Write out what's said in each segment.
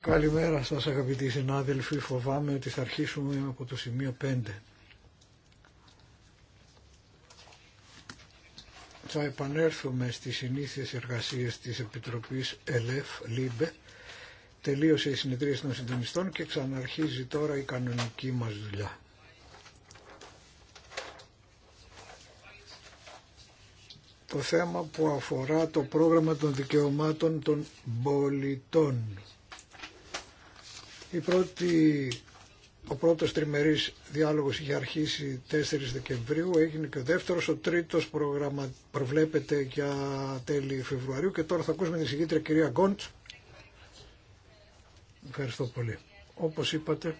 Καλημέρα σας αγαπητοί συνάδελφοι, φοβάμαι ότι θα αρχίσουμε από το σημείο 5. θα επανέλθουμε στις συνήθειες εργασίες της Επιτροπής ΕΛΕΦ ΛΥΜΠΕ Τελείωσε η συνεδρία των συντονιστών και ξαναρχίζει τώρα η κανονική μας δουλειά. Το θέμα που αφορά το πρόγραμμα των δικαιωμάτων των πολιτών. Η πρώτη, ο πρώτος τριμερής διάλογος είχε αρχίσει 4 Δεκεμβρίου, έγινε και ο δεύτερος, ο τρίτος προγραμμα, προβλέπεται για τέλη Φεβρουαρίου και τώρα θα ακούσουμε την συγκήτρια κυρία Γκόντς Ευχαριστώ πολύ. Όπως είπατε,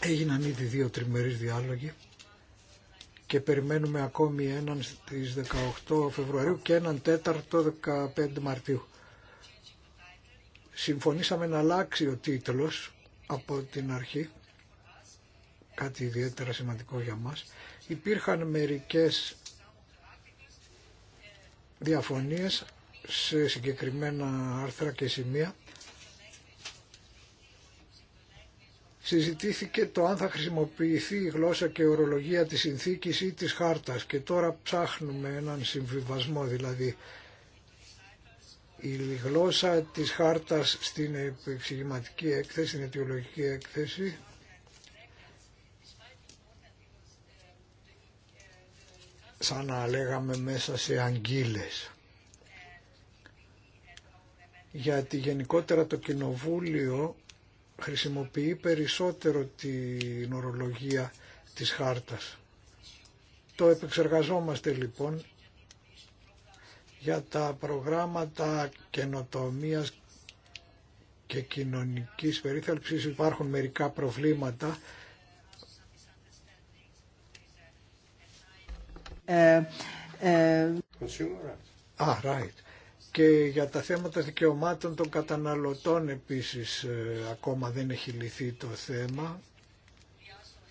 έγιναν ήδη δύο τριμερείς διάλογοι και περιμένουμε ακόμη έναν στις 18 Φεβρουαρίου και έναν τέταρτο 15 Μαρτίου. Συμφωνήσαμε να αλλάξει ο τίτλος από την αρχή, κάτι ιδιαίτερα σημαντικό για μας. Υπήρχαν μερικές διαφωνίες σε συγκεκριμένα άρθρα και σημεία συζητήθηκε το αν θα χρησιμοποιηθεί η γλώσσα και η ορολογία της συνθήκης ή της χάρτας και τώρα ψάχνουμε έναν συμβιβασμό δηλαδή η γλώσσα της χάρτας στην εξηγηματική έκθεση, στην αιτιολογική έκθεση σαν να λέγαμε μέσα σε αγγίλες γιατί γενικότερα το κοινοβούλιο χρησιμοποιεί περισσότερο την ορολογία της χάρτας. Το επεξεργαζόμαστε λοιπόν για τα προγράμματα καινοτομίας και κοινωνικής περίθαλψης υπάρχουν μερικά προβλήματα. Ε, ε right και για τα θέματα δικαιωμάτων των καταναλωτών επίσης ε, ακόμα δεν έχει λυθεί το θέμα.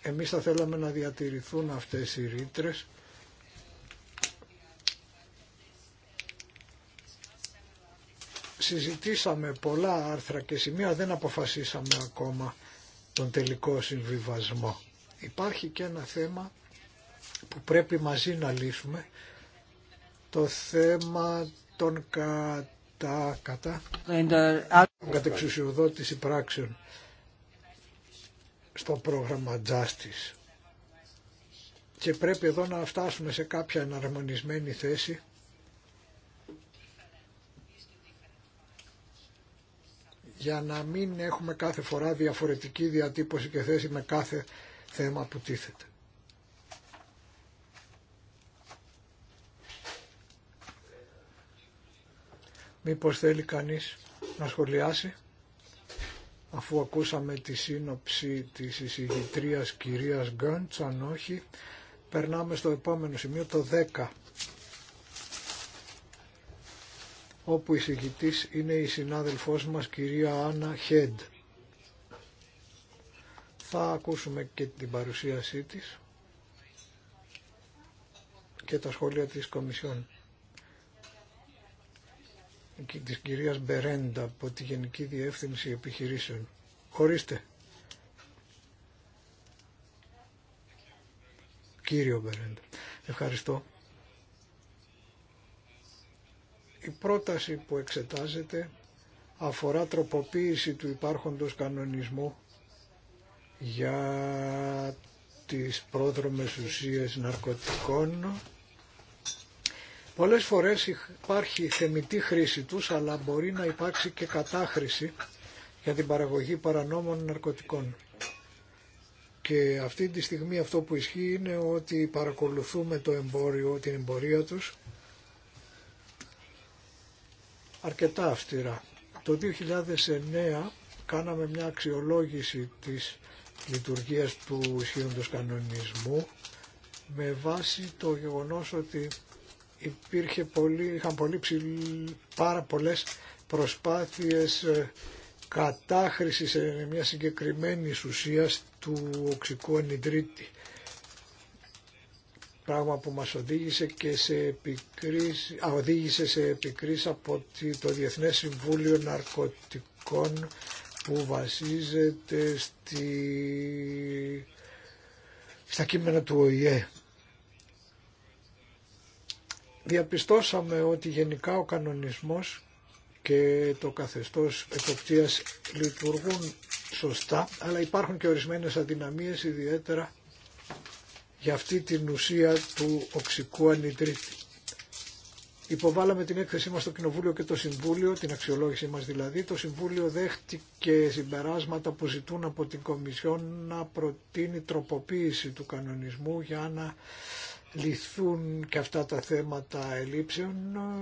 Εμείς θα θέλαμε να διατηρηθούν αυτές οι ρήτρε. Συζητήσαμε πολλά άρθρα και σημεία, δεν αποφασίσαμε ακόμα τον τελικό συμβιβασμό. Υπάρχει και ένα θέμα που πρέπει μαζί να λύσουμε, το θέμα τον κατά, κατά κατεξουσιοδότηση πράξεων στο πρόγραμμα Justice. Και πρέπει εδώ να φτάσουμε σε κάποια εναρμονισμένη θέση για να μην έχουμε κάθε φορά διαφορετική διατύπωση και θέση με κάθε θέμα που τίθεται. Μήπως θέλει κανείς να σχολιάσει αφού ακούσαμε τη σύνοψη της εισηγητρίας κυρίας Γκάντς, αν όχι, περνάμε στο επόμενο σημείο, το 10, όπου η εισηγητής είναι η συνάδελφός μας κυρία Άννα Χέντ. Θα ακούσουμε και την παρουσίασή της και τα σχόλια της Κομισιόν της κυρίας Μπερέντα από τη Γενική Διεύθυνση Επιχειρήσεων. Ορίστε. Κύριο Μπερέντα. Ευχαριστώ. Η πρόταση που εξετάζεται αφορά τροποποίηση του υπάρχοντος κανονισμού για τις πρόδρομες ουσίες ναρκωτικών Πολλές φορές υπάρχει θεμητή χρήση τους, αλλά μπορεί να υπάρξει και κατάχρηση για την παραγωγή παρανόμων ναρκωτικών. Και αυτή τη στιγμή αυτό που ισχύει είναι ότι παρακολουθούμε το εμπόριο, την εμπορία τους αρκετά αυστηρά. Το 2009 κάναμε μια αξιολόγηση της λειτουργίας του ισχύοντος κανονισμού με βάση το γεγονός ότι υπήρχε πολύ, είχαν πολύ ψηλ, πάρα πολλές προσπάθειες ε, κατάχρησης ε, μια συγκεκριμένη ουσία του οξικού ανιδρύτη. Πράγμα που μας οδήγησε και σε επικρίση α, οδήγησε σε επικρίση από το Διεθνές Συμβούλιο Ναρκωτικών που βασίζεται στη, στα κείμενα του ΟΗΕ διαπιστώσαμε ότι γενικά ο κανονισμός και το καθεστώς εποπτείας λειτουργούν σωστά, αλλά υπάρχουν και ορισμένες αδυναμίες ιδιαίτερα για αυτή την ουσία του οξικού ανιτρίτη. Υποβάλαμε την έκθεσή μας στο Κοινοβούλιο και το Συμβούλιο, την αξιολόγησή μας δηλαδή. Το Συμβούλιο δέχτηκε συμπεράσματα που ζητούν από την Κομισιόν να προτείνει τροποποίηση του κανονισμού για να λυθούν και αυτά τα θέματα ελήψεων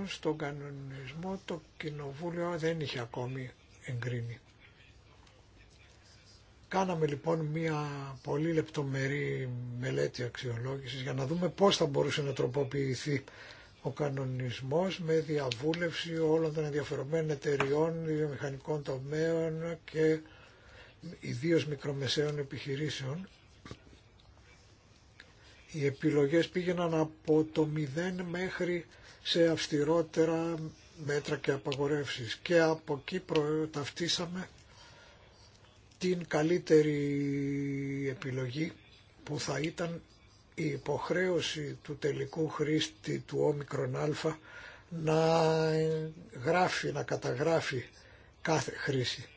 στον κανονισμό το Κοινοβούλιο δεν είχε ακόμη εγκρίνει. Κάναμε λοιπόν μία πολύ λεπτομερή μελέτη αξιολόγησης για να δούμε πώς θα μπορούσε να τροποποιηθεί ο κανονισμός με διαβούλευση όλων των ενδιαφερομένων εταιριών, βιομηχανικών τομέων και ιδίως μικρομεσαίων επιχειρήσεων οι επιλογές πήγαιναν από το 0 μέχρι σε αυστηρότερα μέτρα και απαγορεύσεις. Και από εκεί προταυτίσαμε την καλύτερη επιλογή που θα ήταν η υποχρέωση του τελικού χρήστη του όμικρον α να γράφει, να καταγράφει κάθε χρήση.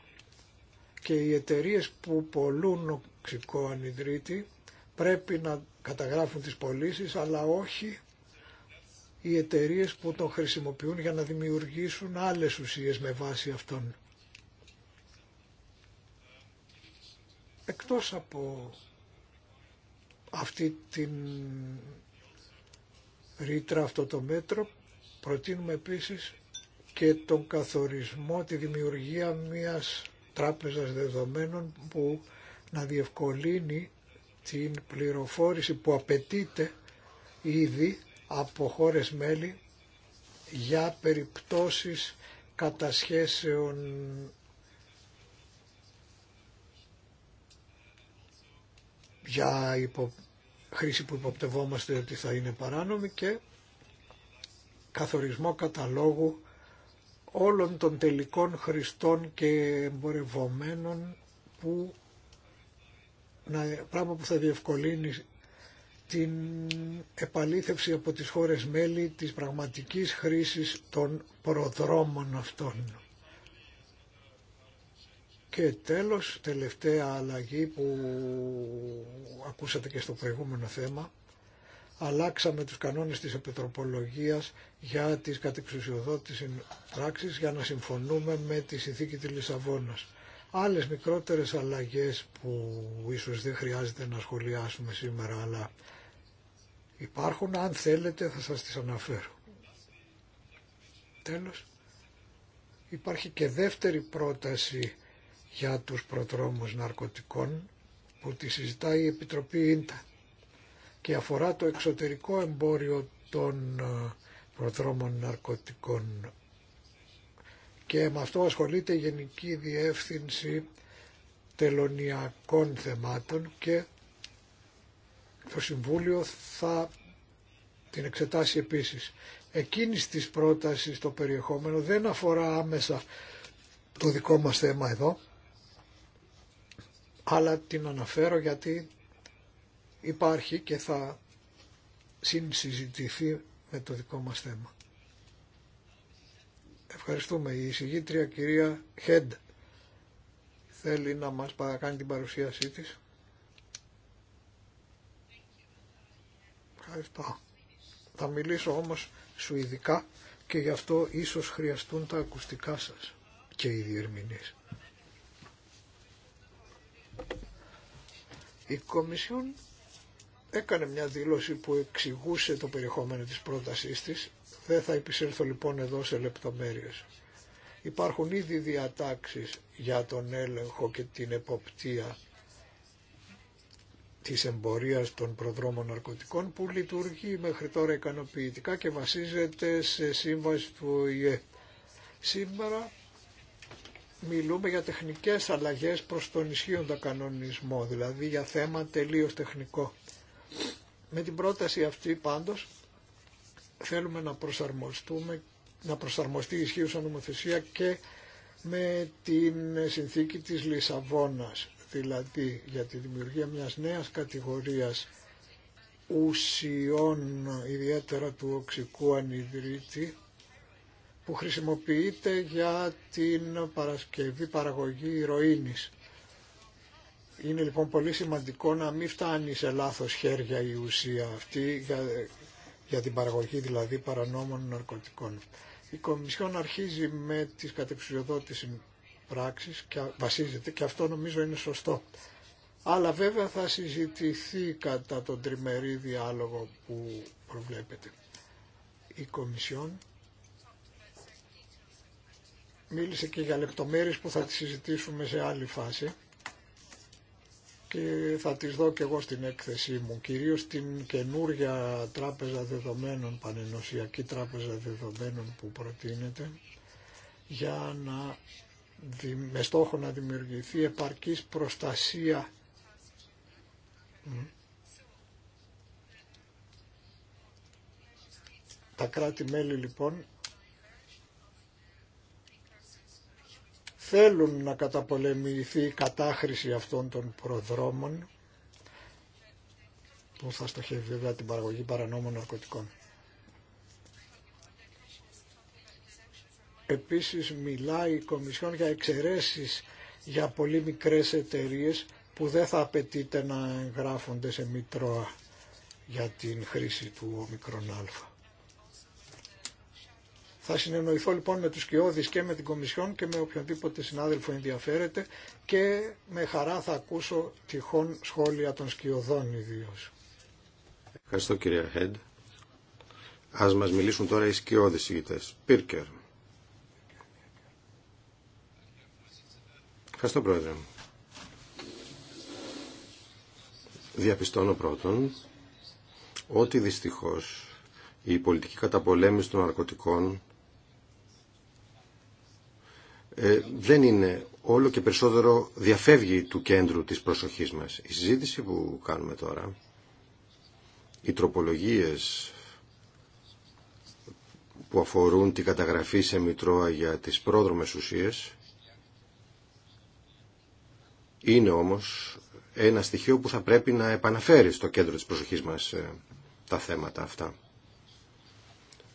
Και οι εταιρείες που πολλούν οξικό ανιδρύτη πρέπει να καταγράφουν τις πωλήσει, αλλά όχι οι εταιρείε που τον χρησιμοποιούν για να δημιουργήσουν άλλες ουσίες με βάση αυτόν. Εκτός από αυτή την ρήτρα, αυτό το μέτρο, προτείνουμε επίσης και τον καθορισμό, τη δημιουργία μιας τράπεζας δεδομένων που να διευκολύνει την πληροφόρηση που απαιτείται ήδη από χώρες μέλη για περιπτώσεις κατασχέσεων για χρήση που υποπτευόμαστε ότι θα είναι παράνομη και καθορισμό καταλόγου όλων των τελικών χρηστών και εμπορευομένων που πράγμα που θα διευκολύνει την επαλήθευση από τις χώρες μέλη της πραγματικής χρήσης των προδρόμων αυτών. Και τέλος, τελευταία αλλαγή που ακούσατε και στο προηγούμενο θέμα, αλλάξαμε τους κανόνες της επιτροπολογίας για τις κατεξουσιοδότησης πράξεις για να συμφωνούμε με τη συνθήκη της Λισαβόνας άλλες μικρότερες αλλαγές που ίσως δεν χρειάζεται να σχολιάσουμε σήμερα, αλλά υπάρχουν, αν θέλετε θα σας τις αναφέρω. Τέλος, υπάρχει και δεύτερη πρόταση για τους προτρόμους ναρκωτικών που τη συζητάει η Επιτροπή Ίντα και αφορά το εξωτερικό εμπόριο των ε, προτρόμων ναρκωτικών και με αυτό ασχολείται η Γενική Διεύθυνση Τελωνιακών Θεμάτων και το Συμβούλιο θα την εξετάσει επίσης. Εκείνη της πρότασης το περιεχόμενο δεν αφορά άμεσα το δικό μας θέμα εδώ, αλλά την αναφέρω γιατί υπάρχει και θα συνσυζητηθεί με το δικό μας θέμα. Ευχαριστούμε. Η εισηγήτρια κυρία Χέντ θέλει να μας παρακάνει την παρουσίασή της. Ευχαριστώ. Θα μιλήσω όμως σου ειδικά και γι' αυτό ίσως χρειαστούν τα ακουστικά σας και οι διερμηνείς. Η Κομισιόν έκανε μια δήλωση που εξηγούσε το περιεχόμενο της πρότασής της δεν θα επισέλθω λοιπόν εδώ σε λεπτομέρειες. Υπάρχουν ήδη διατάξεις για τον έλεγχο και την εποπτεία της εμπορίας των προδρόμων ναρκωτικών που λειτουργεί μέχρι τώρα ικανοποιητικά και βασίζεται σε σύμβαση του ΙΕ. Σήμερα μιλούμε για τεχνικές αλλαγές προς τον ισχύοντα κανονισμό, δηλαδή για θέμα τελείως τεχνικό. Με την πρόταση αυτή πάντως θέλουμε να προσαρμοστούμε, να προσαρμοστεί η ισχύουσα νομοθεσία και με την συνθήκη της Λισαβόνας, δηλαδή για τη δημιουργία μιας νέας κατηγορίας ουσιών, ιδιαίτερα του οξικού ανιδρύτη, που χρησιμοποιείται για την παρασκευή παραγωγή ηρωίνης. Είναι λοιπόν πολύ σημαντικό να μην φτάνει σε λάθος χέρια η ουσία αυτή για την παραγωγή δηλαδή παρανόμων ναρκωτικών. Η Κομισιόν αρχίζει με τις κατεξουσιοδότηση πράξεις και βασίζεται και αυτό νομίζω είναι σωστό. Αλλά βέβαια θα συζητηθεί κατά τον τριμερή διάλογο που προβλέπεται. Η Κομισιόν μίλησε και για λεπτομέρειες που θα τις συζητήσουμε σε άλλη φάση και θα τις δω και εγώ στην έκθεσή μου, κυρίως την καινούρια τράπεζα δεδομένων, πανενοσιακή τράπεζα δεδομένων που προτείνεται, για να, με στόχο να δημιουργηθεί επαρκής προστασία τα κράτη-μέλη λοιπόν θέλουν να καταπολεμηθεί η κατάχρηση αυτών των προδρόμων που θα στοχεύει βέβαια την παραγωγή παρανόμων ναρκωτικών. Επίσης μιλάει η Κομισιόν για εξαιρέσεις για πολύ μικρές εταιρείες που δεν θα απαιτείται να εγγράφονται σε μητρώα για την χρήση του ομικρονάλφα. Θα συνεννοηθώ λοιπόν με τους Κιώδης και με την Κομισιόν και με οποιονδήποτε συνάδελφο ενδιαφέρεται και με χαρά θα ακούσω τυχόν σχόλια των Σκιωδών ιδίω. Ευχαριστώ κυρία Χέντ. Ας μας μιλήσουν τώρα οι Σκιώδης ηγητές. Πίρκερ. Ευχαριστώ πρόεδρε. Διαπιστώνω πρώτον ότι δυστυχώς η πολιτική καταπολέμηση των ναρκωτικών ε, δεν είναι όλο και περισσότερο διαφεύγει του κέντρου της προσοχής μας. Η συζήτηση που κάνουμε τώρα, οι τροπολογίες που αφορούν την καταγραφή σε Μητρώα για τις πρόδρομες ουσίες, είναι όμως ένα στοιχείο που θα πρέπει να επαναφέρει στο κέντρο της προσοχής μας ε, τα θέματα αυτά.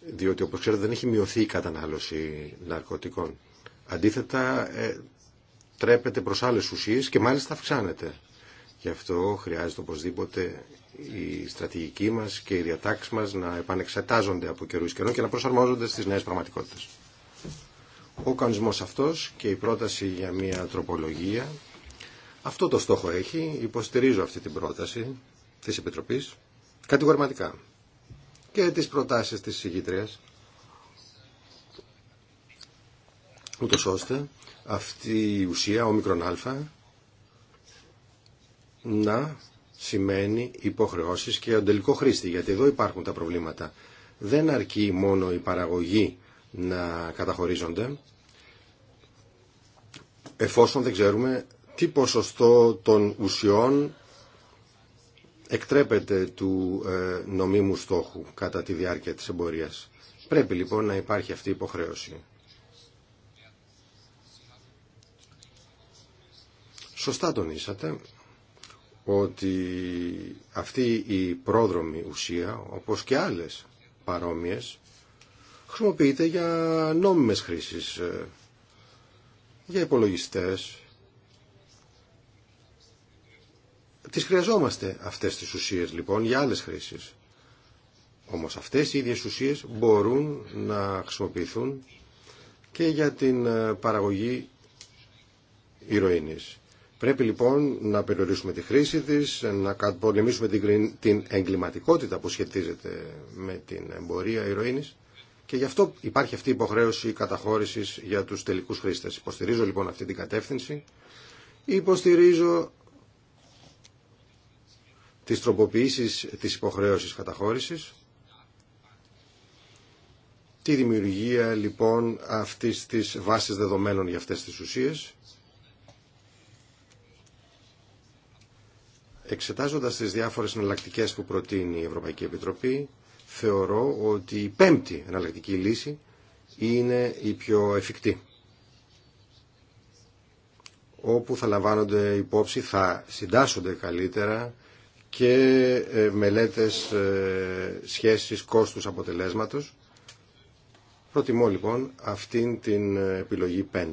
Διότι, όπως ξέρετε, δεν έχει μειωθεί η κατανάλωση ναρκωτικών. Αντίθετα, ε, τρέπεται προς άλλες ουσίες και μάλιστα αυξάνεται. Γι' αυτό χρειάζεται οπωσδήποτε η στρατηγική μας και οι διατάξεις μας να επανεξετάζονται από καιρούς καιρό και να προσαρμόζονται στις νέες πραγματικότητες. Ο κανονισμός αυτός και η πρόταση για μια τροπολογία, αυτό το στόχο έχει, υποστηρίζω αυτή την πρόταση της Επιτροπής, κατηγορηματικά και τις προτάσεις της συγκήτριας ούτως ώστε αυτή η ουσία, ο μικρον α, να σημαίνει υποχρεώσεις και τον τελικό χρήστη, γιατί εδώ υπάρχουν τα προβλήματα. Δεν αρκεί μόνο η παραγωγή να καταχωρίζονται, εφόσον δεν ξέρουμε τι ποσοστό των ουσιών εκτρέπεται του ε, νομίμου στόχου κατά τη διάρκεια της εμπορίας. Πρέπει λοιπόν να υπάρχει αυτή η υποχρέωση. Σωστά τονίσατε ότι αυτή η πρόδρομη ουσία, όπως και άλλες παρόμοιες, χρησιμοποιείται για νόμιμες χρήσεις, ε, για υπολογιστές. Τις χρειαζόμαστε αυτές τις ουσίες λοιπόν για άλλες χρήσεις. Όμως αυτές οι ίδιες ουσίες μπορούν να χρησιμοποιηθούν και για την ε, παραγωγή ηρωίνης. Πρέπει λοιπόν να περιορίσουμε τη χρήση της, να πολεμήσουμε την εγκληματικότητα που σχετίζεται με την εμπορία ηρωίνης και γι' αυτό υπάρχει αυτή η υποχρέωση καταχώρησης για τους τελικούς χρήστες. Υποστηρίζω λοιπόν αυτή την κατεύθυνση. Υποστηρίζω τις τροποποιήσεις της υποχρέωσης καταχώρησης. Τη δημιουργία λοιπόν αυτής της βάσης δεδομένων για αυτές τις ουσίες Εξετάζοντας τις διάφορες εναλλακτικέ που προτείνει η Ευρωπαϊκή Επιτροπή, θεωρώ ότι η πέμπτη εναλλακτική λύση είναι η πιο εφικτή. Όπου θα λαμβάνονται υπόψη, θα συντάσσονται καλύτερα και ε, μελέτες ε, σχέσεις κόστους αποτελέσματος. Προτιμώ λοιπόν αυτήν την ε, επιλογή 5,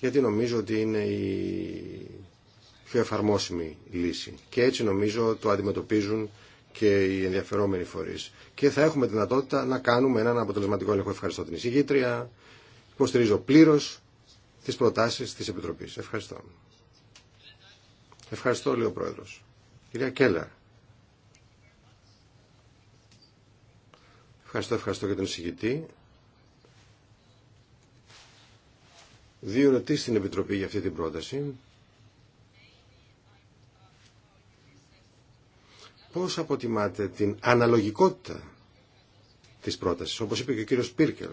γιατί νομίζω ότι είναι η πιο εφαρμόσιμη λύση. Και έτσι νομίζω το αντιμετωπίζουν και οι ενδιαφερόμενοι φορεί. Και θα έχουμε δυνατότητα να κάνουμε έναν αποτελεσματικό έλεγχο. Ευχαριστώ την εισηγήτρια. Υποστηρίζω πλήρω τι προτάσει τη Επιτροπή. Ευχαριστώ. Ευχαριστώ, λέει ο Πρόεδρο. Κυρία Κέλλερ. Ευχαριστώ, ευχαριστώ και τον εισηγητή. Δύο ερωτήσει στην Επιτροπή για αυτή την πρόταση. Πώς αποτιμάτε την αναλογικότητα της πρότασης, όπως είπε και ο κύριος Πίρκελ.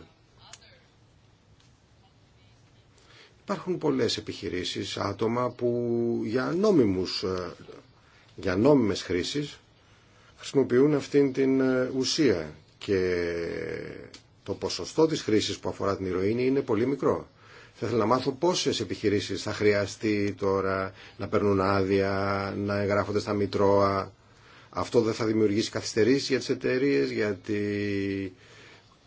Υπάρχουν πολλές επιχειρήσεις, άτομα που για, νόμιμους, ε, για νόμιμες χρήσεις χρησιμοποιούν αυτήν την ε, ουσία και το ποσοστό της χρήσης που αφορά την ηρωίνη είναι πολύ μικρό. Θα ήθελα να μάθω πόσες επιχειρήσεις θα χρειαστεί τώρα να παίρνουν άδεια, να εγγράφονται στα Μητρώα, αυτό δεν θα δημιουργήσει καθυστερήσει για τι εταιρείε, γιατί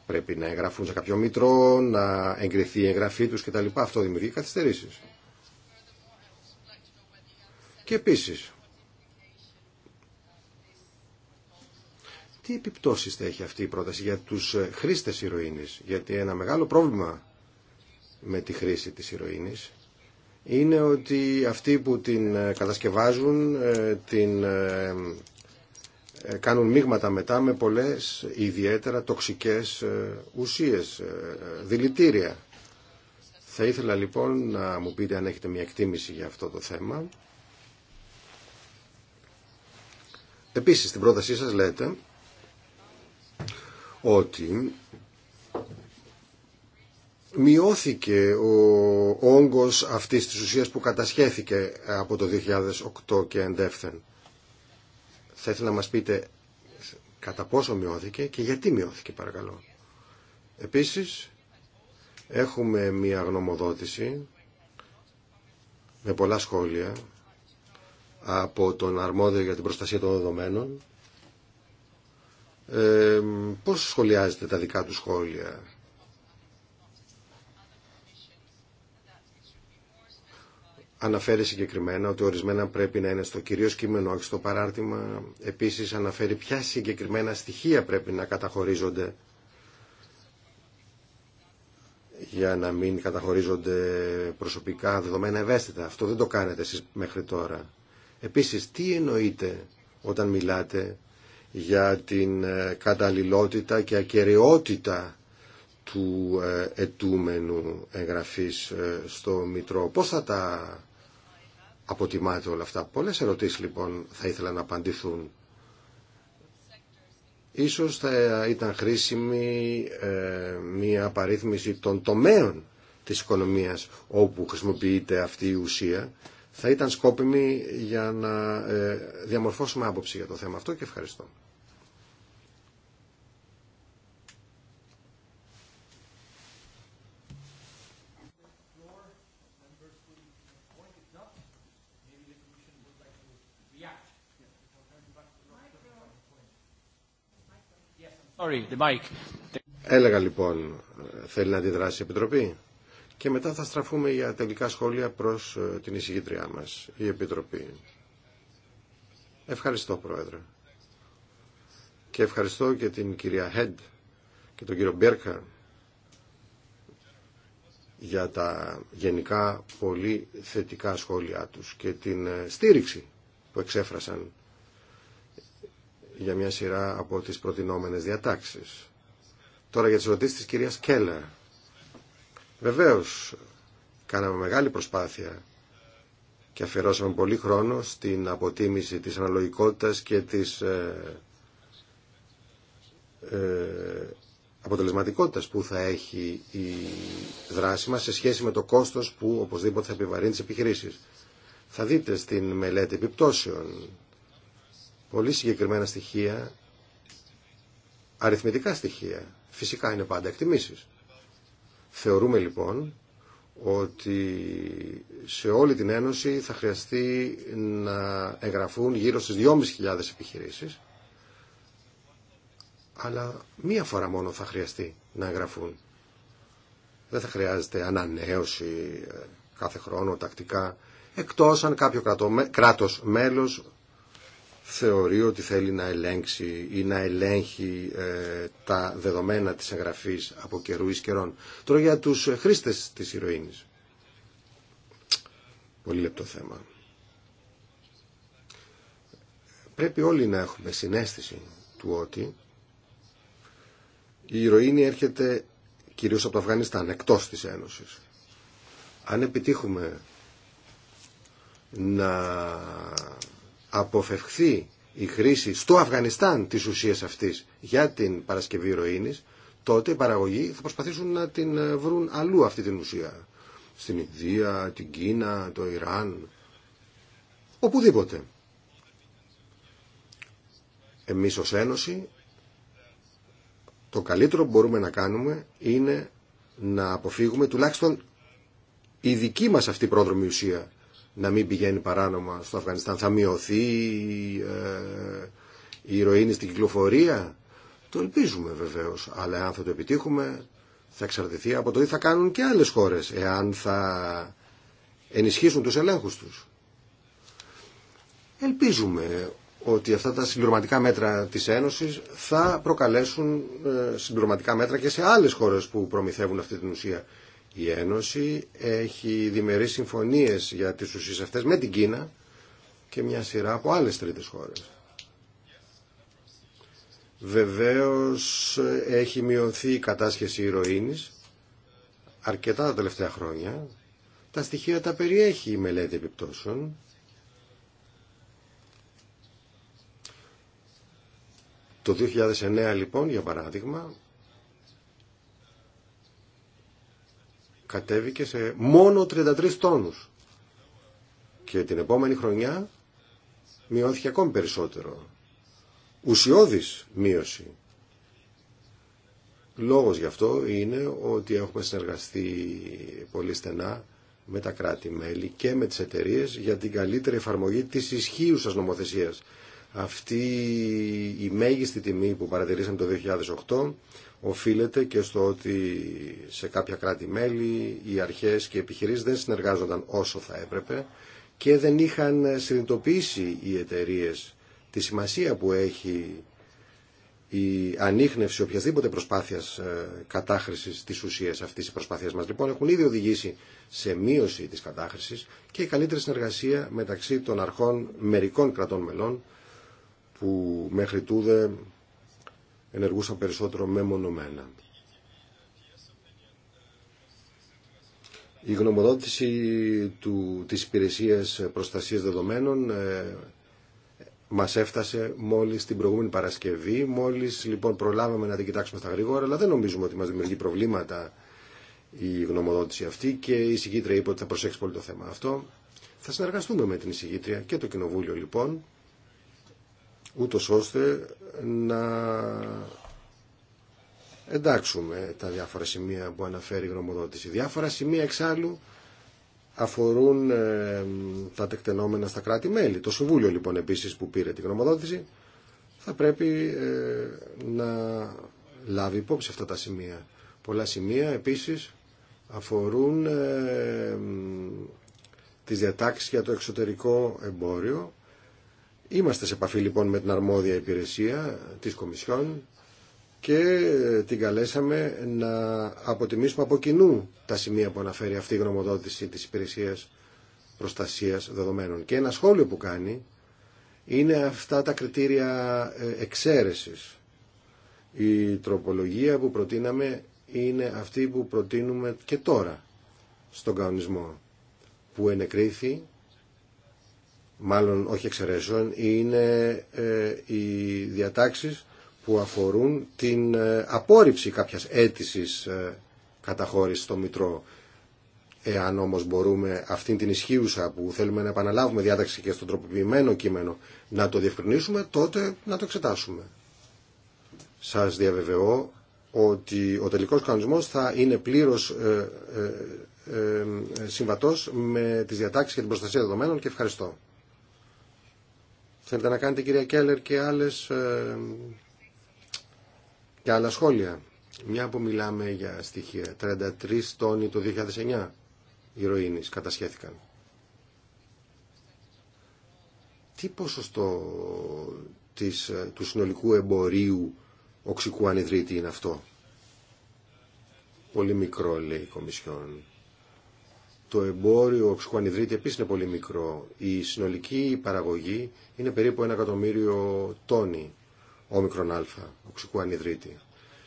πρέπει να εγγραφούν σε κάποιο μήτρο, να εγκριθεί η εγγραφή τους κτλ. Αυτό δημιουργεί καθυστερήσει. Και επίση, τι επιπτώσεις θα έχει αυτή η πρόταση για τους χρήστες ηρωίνης. Γιατί ένα μεγάλο πρόβλημα με τη χρήση της ηρωίνης είναι ότι αυτοί που την κατασκευάζουν, ε, την ε, ε, κάνουν μείγματα μετά με πολλές ιδιαίτερα τοξικές ε, ουσίες, ε, δηλητήρια. Θα ήθελα λοιπόν να μου πείτε αν έχετε μια εκτίμηση για αυτό το θέμα. Επίσης στην πρότασή σας λέτε ότι μειώθηκε ο όγκος αυτής της ουσίας που κατασχέθηκε από το 2008 και εντεύθεν. Θα ήθελα να μας πείτε κατά πόσο μειώθηκε και γιατί μειώθηκε παρακαλώ. Επίσης, έχουμε μια γνωμοδότηση με πολλά σχόλια από τον αρμόδιο για την προστασία των δεδομένων. Ε, πώς σχολιάζετε τα δικά του σχόλια αναφέρει συγκεκριμένα ότι ορισμένα πρέπει να είναι στο κυρίω κείμενο, όχι στο παράρτημα. Επίσης αναφέρει ποια συγκεκριμένα στοιχεία πρέπει να καταχωρίζονται για να μην καταχωρίζονται προσωπικά δεδομένα ευαίσθητα. Αυτό δεν το κάνετε εσείς μέχρι τώρα. Επίσης, τι εννοείτε όταν μιλάτε για την ε, καταλληλότητα και ακαιρεότητα του ε, ετούμενου εγγραφής ε, στο Μητρό. Πώς θα τα αποτιμάτε όλα αυτά. Πολλές ερωτήσεις λοιπόν θα ήθελα να απαντηθούν. Ίσως θα ήταν χρήσιμη ε, μια απαρίθμηση των τομέων της οικονομίας όπου χρησιμοποιείται αυτή η ουσία. Θα ήταν σκόπιμη για να ε, διαμορφώσουμε άποψη για το θέμα αυτό και ευχαριστώ. Έλεγα λοιπόν, θέλει να αντιδράσει η Επιτροπή και μετά θα στραφούμε για τελικά σχόλια προς ε, την εισηγήτριά μας, η Επιτροπή. Ευχαριστώ, Πρόεδρε. Και ευχαριστώ και την κυρία Χέντ και τον κύριο Μπέρκα για τα γενικά πολύ θετικά σχόλιά τους και την ε, στήριξη που εξέφρασαν για μια σειρά από τις προτινόμενες διατάξεις. Τώρα για τις ερωτήσεις της κυρίας Κέλλα. Βεβαίως, κάναμε μεγάλη προσπάθεια και αφιερώσαμε πολύ χρόνο στην αποτίμηση της αναλογικότητας και της ε, ε, αποτελεσματικότητας που θα έχει η δράση μας σε σχέση με το κόστος που οπωσδήποτε θα επιβαρύνει τις επιχειρήσεις. Θα δείτε στην μελέτη επιπτώσεων πολύ συγκεκριμένα στοιχεία, αριθμητικά στοιχεία. Φυσικά είναι πάντα εκτιμήσεις. Θεωρούμε λοιπόν ότι σε όλη την Ένωση θα χρειαστεί να εγγραφούν γύρω στις 2.500 επιχειρήσεις, αλλά μία φορά μόνο θα χρειαστεί να εγγραφούν. Δεν θα χρειάζεται ανανέωση ε, κάθε χρόνο τακτικά, εκτός αν κάποιο κράτος μέλος θεωρεί ότι θέλει να ελέγξει ή να ελέγχει ε, τα δεδομένα της εγγραφής από καιρού εις καιρών. Τώρα για τους χρήστες της ηρωίνης. Πολύ λεπτό θέμα. Πρέπει όλοι να έχουμε συνέστηση του ότι η ηρωίνη έρχεται κυρίως από το Αφγανιστάν, εκτός της Ένωσης. Αν επιτύχουμε να αποφευχθεί η χρήση στο Αφγανιστάν της ουσίας αυτής για την παρασκευή ηρωίνης, τότε οι παραγωγοί θα προσπαθήσουν να την ε, βρουν αλλού αυτή την ουσία. Στην Ινδία, την Κίνα, το Ιράν, οπουδήποτε. Εμείς ως Ένωση, το καλύτερο που μπορούμε να κάνουμε είναι να αποφύγουμε τουλάχιστον η δική μας αυτή πρόδρομη ουσία να μην πηγαίνει παράνομα στο Αφγανιστάν. Θα μειωθεί ε, η ηρωίνη στην κυκλοφορία. Το ελπίζουμε βεβαίως. Αλλά αν θα το επιτύχουμε θα εξαρτηθεί από το ότι θα κάνουν και άλλες χώρες. Εάν θα ενισχύσουν τους ελέγχους τους. Ελπίζουμε ότι αυτά τα συμπληρωματικά μέτρα της Ένωσης θα προκαλέσουν ε, συμπληρωματικά μέτρα και σε άλλες χώρες που προμηθεύουν αυτή την ουσία. Η Ένωση έχει διμερείς συμφωνίες για τις ουσίες αυτές με την Κίνα και μια σειρά από άλλες τρίτες χώρες. Βεβαίως έχει μειωθεί η κατάσχεση ηρωίνης αρκετά τα τελευταία χρόνια. Τα στοιχεία τα περιέχει η μελέτη επιπτώσεων. Το 2009 λοιπόν, για παράδειγμα, κατέβηκε σε μόνο 33 τόνους και την επόμενη χρονιά μειώθηκε ακόμη περισσότερο. Ουσιώδης μείωση. Λόγος γι' αυτό είναι ότι έχουμε συνεργαστεί πολύ στενά με τα κράτη-μέλη και με τις εταιρείες για την καλύτερη εφαρμογή της ισχύουσας νομοθεσίας αυτή η μέγιστη τιμή που παρατηρήσαμε το 2008 οφείλεται και στο ότι σε κάποια κράτη-μέλη οι αρχές και οι επιχειρήσεις δεν συνεργάζονταν όσο θα έπρεπε και δεν είχαν συνειδητοποιήσει οι εταιρείε τη σημασία που έχει η ανείχνευση οποιασδήποτε προσπάθειας ε, κατάχρησης της ουσίας αυτής της προσπάθειας μας. Λοιπόν, έχουν ήδη οδηγήσει σε μείωση της κατάχρησης και η καλύτερη συνεργασία μεταξύ των αρχών μερικών κρατών μελών που μέχρι τούδε ενεργούσαν περισσότερο μεμονωμένα. Η γνωμοδότηση του, της υπηρεσίας προστασίας δεδομένων ε, μας έφτασε μόλις την προηγούμενη Παρασκευή. Μόλις λοιπόν προλάβαμε να την κοιτάξουμε στα γρήγορα, αλλά δεν νομίζουμε ότι μας δημιουργεί προβλήματα η γνωμοδότηση αυτή και η συγκήτρια είπε ότι θα προσέξει πολύ το θέμα αυτό. Θα συνεργαστούμε με την συγκήτρια και το Κοινοβούλιο λοιπόν ούτως ώστε να εντάξουμε τα διάφορα σημεία που αναφέρει η γνωμοδότηση. Διάφορα σημεία εξάλλου αφορούν ε, τα τεκτενόμενα στα κράτη-μέλη. Το Συμβούλιο λοιπόν επίσης που πήρε τη γνωμοδότηση θα πρέπει ε, να λάβει υπόψη αυτά τα σημεία. Πολλά σημεία επίσης αφορούν ε, τις διατάξεις για το εξωτερικό εμπόριο Είμαστε σε επαφή λοιπόν με την αρμόδια υπηρεσία της Κομισιόν και την καλέσαμε να αποτιμήσουμε από κοινού τα σημεία που αναφέρει αυτή η γνωμοδότηση της υπηρεσίας προστασίας δεδομένων. Και ένα σχόλιο που κάνει είναι αυτά τα κριτήρια ε, εξαίρεσης. Η τροπολογία που προτείναμε είναι αυτή που προτείνουμε και τώρα στον κανονισμό που ενεκρίθη μάλλον όχι εξαιρέσεων, είναι ε, οι διατάξεις που αφορούν την ε, απόρριψη κάποιας αίτησης ε, καταχώρησης στο Μητρό. Εάν όμως μπορούμε αυτήν την ισχύουσα που θέλουμε να επαναλάβουμε διάταξη και στον τροποποιημένο κείμενο να το διευκρινίσουμε, τότε να το εξετάσουμε. Σας διαβεβαιώ ότι ο τελικός κανονισμός θα είναι πλήρως ε, συμβατός με τις διατάξεις για την προστασία δεδομένων και ευχαριστώ. Θέλετε να κάνετε κυρία Κέλλερ και, άλλες, ε, και άλλα σχόλια. Μια που μιλάμε για στοιχεία. 33 τόνοι το 2009 ηρωίνης κατασχέθηκαν. Τι ποσοστό της, ε, του συνολικού εμπορίου οξικού ανιδρύτη είναι αυτό. Πολύ μικρό λέει η Κομισιόν. Το εμπόριο ανιδρύεται επίσης είναι πολύ μικρό. Η συνολική παραγωγή είναι περίπου ένα εκατομμύριο τόνοι όμικρον α ανιδρύτη.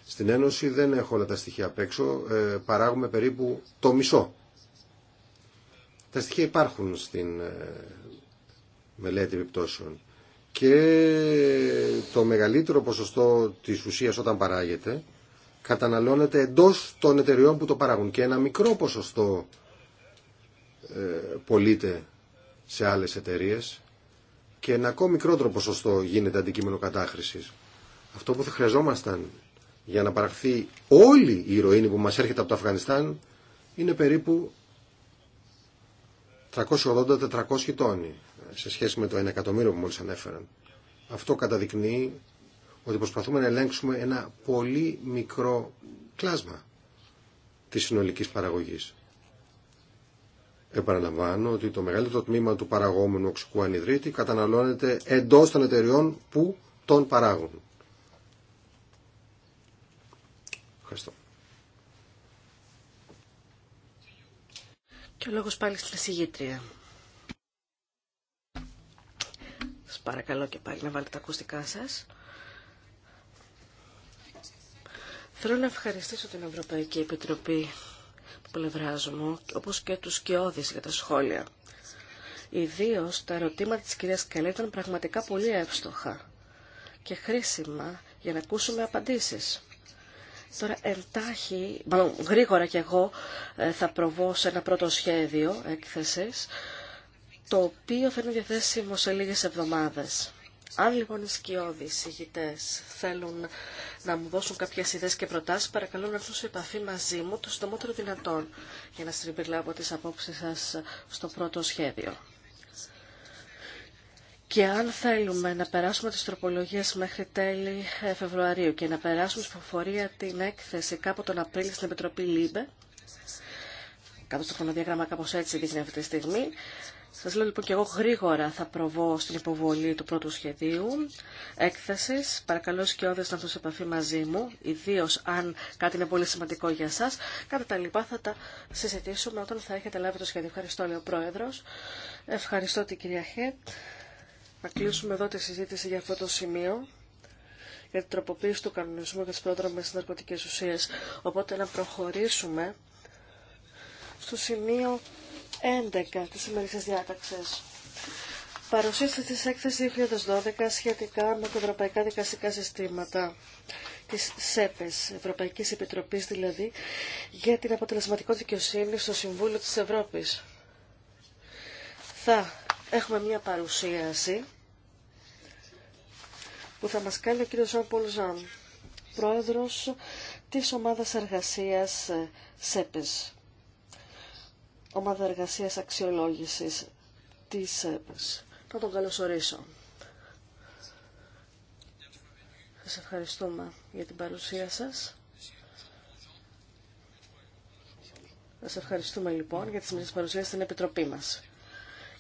Στην Ένωση δεν έχω όλα τα στοιχεία απ' έξω, ε, παράγουμε περίπου το μισό. Τα στοιχεία υπάρχουν στην ε, μελέτη επιπτώσεων. Και το μεγαλύτερο ποσοστό της ουσίας όταν παράγεται καταναλώνεται εντός των εταιριών που το παράγουν. Και ένα μικρό ποσοστό ε, πωλείται σε άλλες εταιρείες και ένα ακόμη μικρότερο ποσοστό γίνεται αντικείμενο κατάχρησης. Αυτό που θα χρειαζόμασταν για να παραχθεί όλη η ηρωίνη που μας έρχεται από το Αφγανιστάν είναι περίπου 380-400 τόνοι ε, σε σχέση με το 1 εκατομμύριο που μόλις ανέφεραν. Αυτό καταδεικνύει ότι προσπαθούμε να ελέγξουμε ένα πολύ μικρό κλάσμα της συνολικής παραγωγής. Επαναλαμβάνω ότι το μεγαλύτερο τμήμα του παραγόμενου οξικού ανιδρύτη καταναλώνεται εντός των εταιριών που τον παράγουν. Ευχαριστώ. Και ο λόγος πάλι στην εισηγήτρια. Σας παρακαλώ και πάλι να βάλετε τα ακουστικά σας. Θέλω να ευχαριστήσω την Ευρωπαϊκή Επιτροπή πλευράς μου, όπως και τους σκιώδεις για τα σχόλια. Ιδίω τα ερωτήματα της κυρίας Καλέ ήταν πραγματικά πολύ εύστοχα και χρήσιμα για να ακούσουμε απαντήσεις. Τώρα εντάχει, μάλλον γρήγορα κι εγώ ε, θα προβώ σε ένα πρώτο σχέδιο έκθεσης, το οποίο θα είναι διαθέσιμο σε λίγες εβδομάδες. Αν λοιπόν οι σκιώδει ηγητέ θέλουν να μου δώσουν κάποιες ιδέες και προτάσεις, παρακαλώ να έρθουν σε επαφή μαζί μου το συντομότερο δυνατόν για να συμπεριλάβω τις απόψεις σας στο πρώτο σχέδιο. Και αν θέλουμε να περάσουμε τις τροπολογίες μέχρι τέλη ε, Φεβρουαρίου και να περάσουμε στην ψηφοφορία την έκθεση κάπου τον Απρίλιο στην Επιτροπή ΛΥΜΠΕ, κάπως το χρονοδιάγραμμα κάπως έτσι δείχνει αυτή τη στιγμή, σας λέω λοιπόν και εγώ γρήγορα θα προβώ στην υποβολή του πρώτου σχεδίου έκθεσης. Παρακαλώ σκιώδες να έρθουν σε επαφή μαζί μου, ιδίω αν κάτι είναι πολύ σημαντικό για σας. Κατά τα λοιπά θα τα συζητήσουμε όταν θα έχετε λάβει το σχέδιο. Ευχαριστώ, λέει ο Πρόεδρος. Ευχαριστώ την κυρία Χέτ. Θα κλείσουμε εδώ τη συζήτηση για αυτό το σημείο για την τροποποίηση του κανονισμού για τις πρόδρομες ναρκωτικές ουσίες. Οπότε να προχωρήσουμε στο σημείο 11 της σημερινής διάταξης. Παρουσίαση τη Έκθεση 2012 σχετικά με τα ευρωπαϊκά δικαστικά συστήματα της ΣΕΠΕΣ, Ευρωπαϊκής Επιτροπής δηλαδή, για την αποτελεσματικό δικαιοσύνη στο Συμβούλιο της Ευρώπης. Θα έχουμε μια παρουσίαση που θα μας κάνει ο κ. Ζαν Πολζάν, πρόεδρος της ομάδας εργασίας ΣΕΠΕΣ ομάδα εργασία αξιολόγηση τη ΕΠΑΣ. Να τον καλωσορίσω. Σα ευχαριστούμε για την παρουσία σα. Σα ευχαριστούμε λοιπόν για τις παρουσίες στην Επιτροπή μας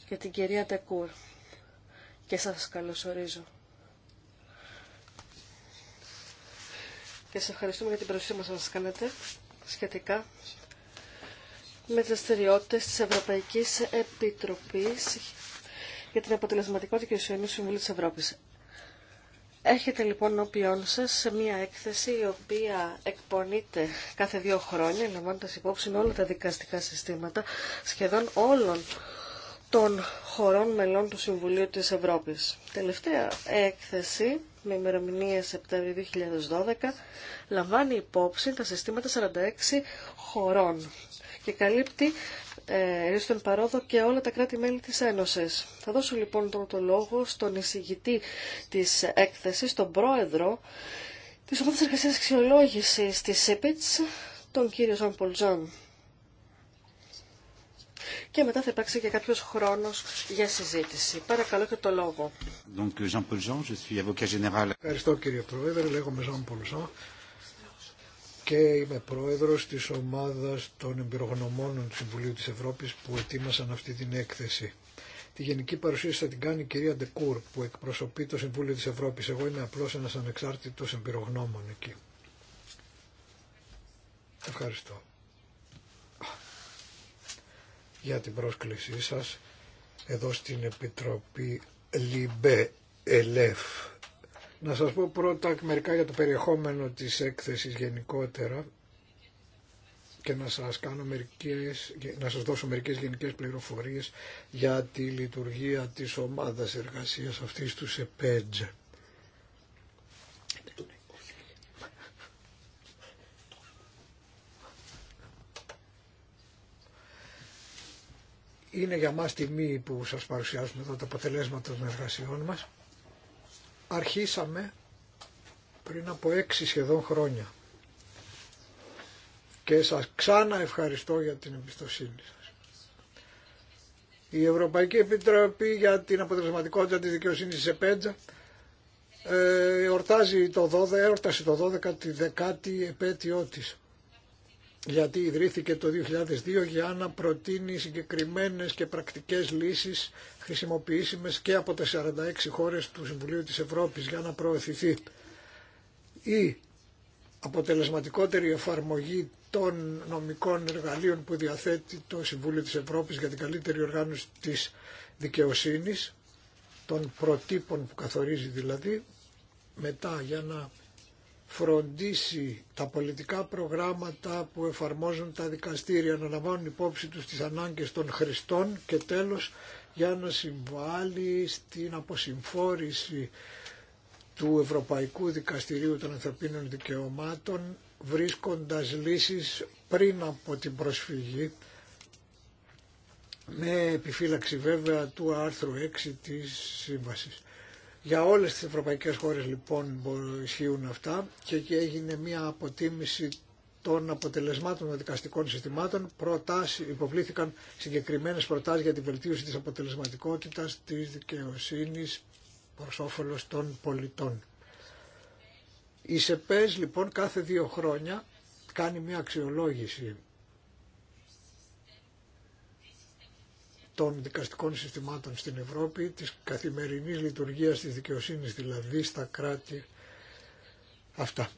και την κυρία Τεκούρ και σα καλωσορίζω. Και σας ευχαριστούμε για την παρουσία μας να σας κάνετε σχετικά με δραστηριότητε της Ευρωπαϊκής Επιτροπής για την αποτελεσματικότητα και ουσιανή Συμβουλή της Ευρώπης. Έχετε λοιπόν όπιον σα σε μια έκθεση η οποία εκπονείται κάθε δύο χρόνια, λαμβάνοντα υπόψη όλα τα δικαστικά συστήματα σχεδόν όλων των χωρών μελών του Συμβουλίου της Ευρώπης. Τελευταία έκθεση με ημερομηνία Σεπτέμβριο 2012 λαμβάνει υπόψη τα συστήματα 46 χωρών και καλύπτει ε, στον παρόδο και όλα τα κράτη-μέλη της Ένωσης. Θα δώσω λοιπόν τον το λόγο στον εισηγητή της έκθεσης, τον πρόεδρο της Ομάδας Εργασίας Αξιολόγησης της ΣΥΠΙΤΣ, τον κύριο Ζαν Πολτζάν. Και μετά θα υπάρξει και κάποιος χρόνος για συζήτηση. Παρακαλώ και το λόγο. Jean Jean, je suis avocat général. Ευχαριστώ κύριε Πρόεδρε, λέγομαι Ζαν Πολτζάν, και είμαι πρόεδρος της ομάδας των εμπειρογνωμόνων του Συμβουλίου της Ευρώπης που ετοίμασαν αυτή την έκθεση. Τη γενική παρουσίαση θα την κάνει η κυρία Ντεκούρ που εκπροσωπεί το Συμβούλιο της Ευρώπης. Εγώ είμαι απλώς ένας ανεξάρτητος εμπειρογνώμων εκεί. Ευχαριστώ για την πρόσκλησή σας εδώ στην Επιτροπή ΛΙΜΠΕ ΕΛΕΦ. Να σας πω πρώτα μερικά για το περιεχόμενο της έκθεσης γενικότερα και να σας, κάνω μερικές, να σας δώσω μερικές γενικές πληροφορίες για τη λειτουργία της ομάδας εργασίας αυτής του ΣΕΠΕΤΖ. Είναι για μας τιμή που σας παρουσιάζουμε εδώ τα αποτελέσματα των εργασιών μας αρχίσαμε πριν από έξι σχεδόν χρόνια και σας ξανά ευχαριστώ για την εμπιστοσύνη σας. Η Ευρωπαϊκή Επιτροπή για την αποτελεσματικότητα της δικαιοσύνης της ΕΠΕΤΖΑ εορτάζει το 12, έορτασε το 12 τη δεκάτη επέτειό της γιατί ιδρύθηκε το 2002 για να προτείνει συγκεκριμένες και πρακτικές λύσεις χρησιμοποιήσιμες και από τα 46 χώρες του Συμβουλίου της Ευρώπης για να προωθηθεί η αποτελεσματικότερη εφαρμογή των νομικών εργαλείων που διαθέτει το Συμβούλιο της Ευρώπης για την καλύτερη οργάνωση της δικαιοσύνης, των προτύπων που καθορίζει δηλαδή, μετά για να φροντίσει τα πολιτικά προγράμματα που εφαρμόζουν τα δικαστήρια να λαμβάνουν υπόψη τους τις ανάγκες των χρηστών και τέλος για να συμβάλλει στην αποσυμφόρηση του Ευρωπαϊκού Δικαστηρίου των Ανθρωπίνων Δικαιωμάτων βρίσκοντας λύσεις πριν από την προσφυγή με επιφύλαξη βέβαια του άρθρου 6 της Σύμβασης. Για όλες τις ευρωπαϊκές χώρες λοιπόν ισχύουν αυτά και εκεί έγινε μια αποτίμηση των αποτελεσμάτων των δικαστικών συστημάτων. Προτάσει, υποβλήθηκαν συγκεκριμένες προτάσεις για την βελτίωση της αποτελεσματικότητας της δικαιοσύνης προς όφελος των πολιτών. Η ΣΕΠΕΣ λοιπόν κάθε δύο χρόνια κάνει μια αξιολόγηση των δικαστικών συστημάτων στην Ευρώπη, της καθημερινής λειτουργίας της δικαιοσύνης, δηλαδή στα κράτη αυτά.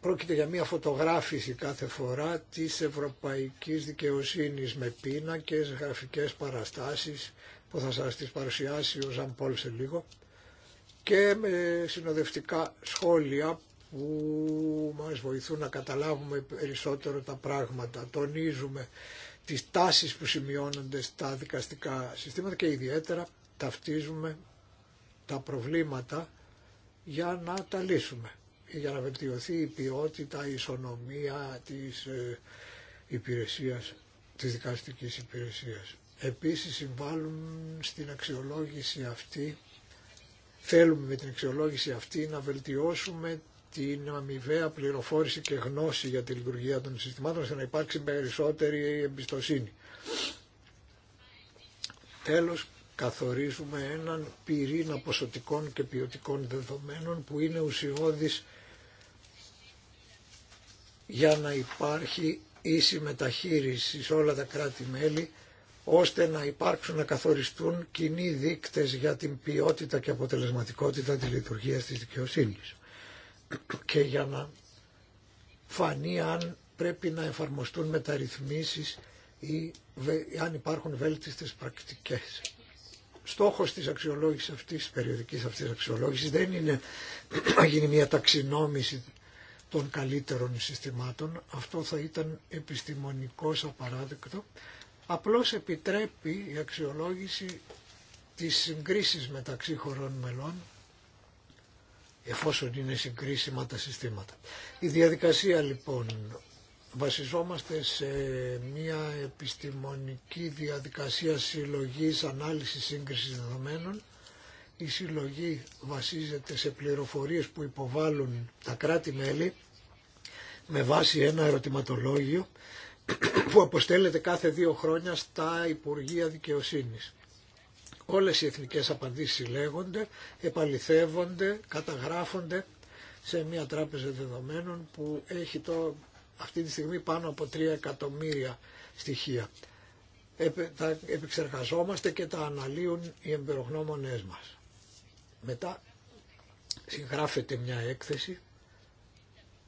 Πρόκειται για μια φωτογράφηση κάθε φορά της ευρωπαϊκής δικαιοσύνης με πίνακες, γραφικές παραστάσεις που θα σας τις παρουσιάσει ο Ζαν Πολ σε λίγο και με συνοδευτικά σχόλια που μας βοηθούν να καταλάβουμε περισσότερο τα πράγματα. Τονίζουμε τις τάσεις που σημειώνονται στα δικαστικά συστήματα και ιδιαίτερα ταυτίζουμε τα προβλήματα για να τα λύσουμε για να βελτιωθεί η ποιότητα, η ισονομία της ε, υπηρεσίας, της δικαστικής υπηρεσίας. Επίσης συμβάλλουν στην αξιολόγηση αυτή, θέλουμε με την αξιολόγηση αυτή να βελτιώσουμε την αμοιβαία πληροφόρηση και γνώση για τη λειτουργία των συστημάτων ώστε να υπάρξει περισσότερη εμπιστοσύνη. Τέλος, καθορίζουμε έναν πυρήνα ποσοτικών και ποιοτικών δεδομένων που είναι ουσιώδης για να υπάρχει ίση μεταχείριση σε όλα τα κράτη-μέλη ώστε να υπάρξουν να καθοριστούν κοινοί δείκτες για την ποιότητα και αποτελεσματικότητα της λειτουργίας της δικαιοσύνης και για να φανεί αν πρέπει να εφαρμοστούν μεταρρυθμίσεις ή αν υπάρχουν βέλτιστες πρακτικές. Στόχος της αξιολόγησης αυτής, της περιοδικής αυτής αξιολόγησης δεν είναι να γίνει μια ταξινόμηση των καλύτερων συστημάτων. Αυτό θα ήταν επιστημονικός απαράδεκτο. Απλώς επιτρέπει η αξιολόγηση της συγκρίσης μεταξύ χωρών μελών εφόσον είναι συγκρίσιμα τα συστήματα. Η διαδικασία λοιπόν βασιζόμαστε σε μια επιστημονική διαδικασία συλλογής, ανάλυσης, σύγκρισης δεδομένων. Η συλλογή βασίζεται σε πληροφορίες που υποβάλλουν τα κράτη-μέλη με βάση ένα ερωτηματολόγιο που αποστέλλεται κάθε δύο χρόνια στα Υπουργεία Δικαιοσύνης. Όλες οι εθνικές απαντήσεις λέγονται επαληθεύονται, καταγράφονται σε μια τράπεζα δεδομένων που έχει το, αυτή τη στιγμή πάνω από 3 εκατομμύρια στοιχεία. Επε, τα επεξεργαζόμαστε και τα αναλύουν οι εμπειρογνώμονές μας. Μετά συγγράφεται μια έκθεση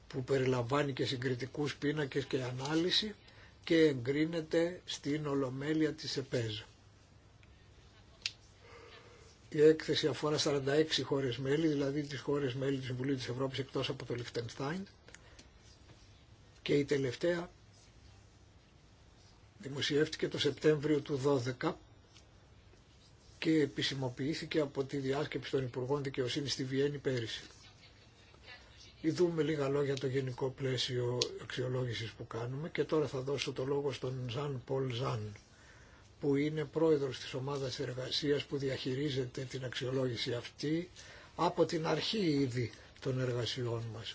που περιλαμβάνει και συγκριτικούς πίνακες και ανάλυση και εγκρίνεται στην Ολομέλεια της ΕΠΕΖ. Η έκθεση αφορά 46 χώρες μέλη, δηλαδή τις χώρες μέλη του Συμβουλίου της Ευρώπης εκτός από το Λιχτενστάιν. Και η τελευταία δημοσιεύτηκε το Σεπτέμβριο του 2012 και επισημοποιήθηκε από τη διάσκεψη των Υπουργών Δικαιοσύνη στη Βιέννη πέρυσι. Δούμε λίγα λόγια το γενικό πλαίσιο αξιολόγησης που κάνουμε και τώρα θα δώσω το λόγο στον Ζαν Πολ Ζαν που είναι πρόεδρος της ομάδας εργασίας που διαχειρίζεται την αξιολόγηση αυτή από την αρχή ήδη των εργασιών μας.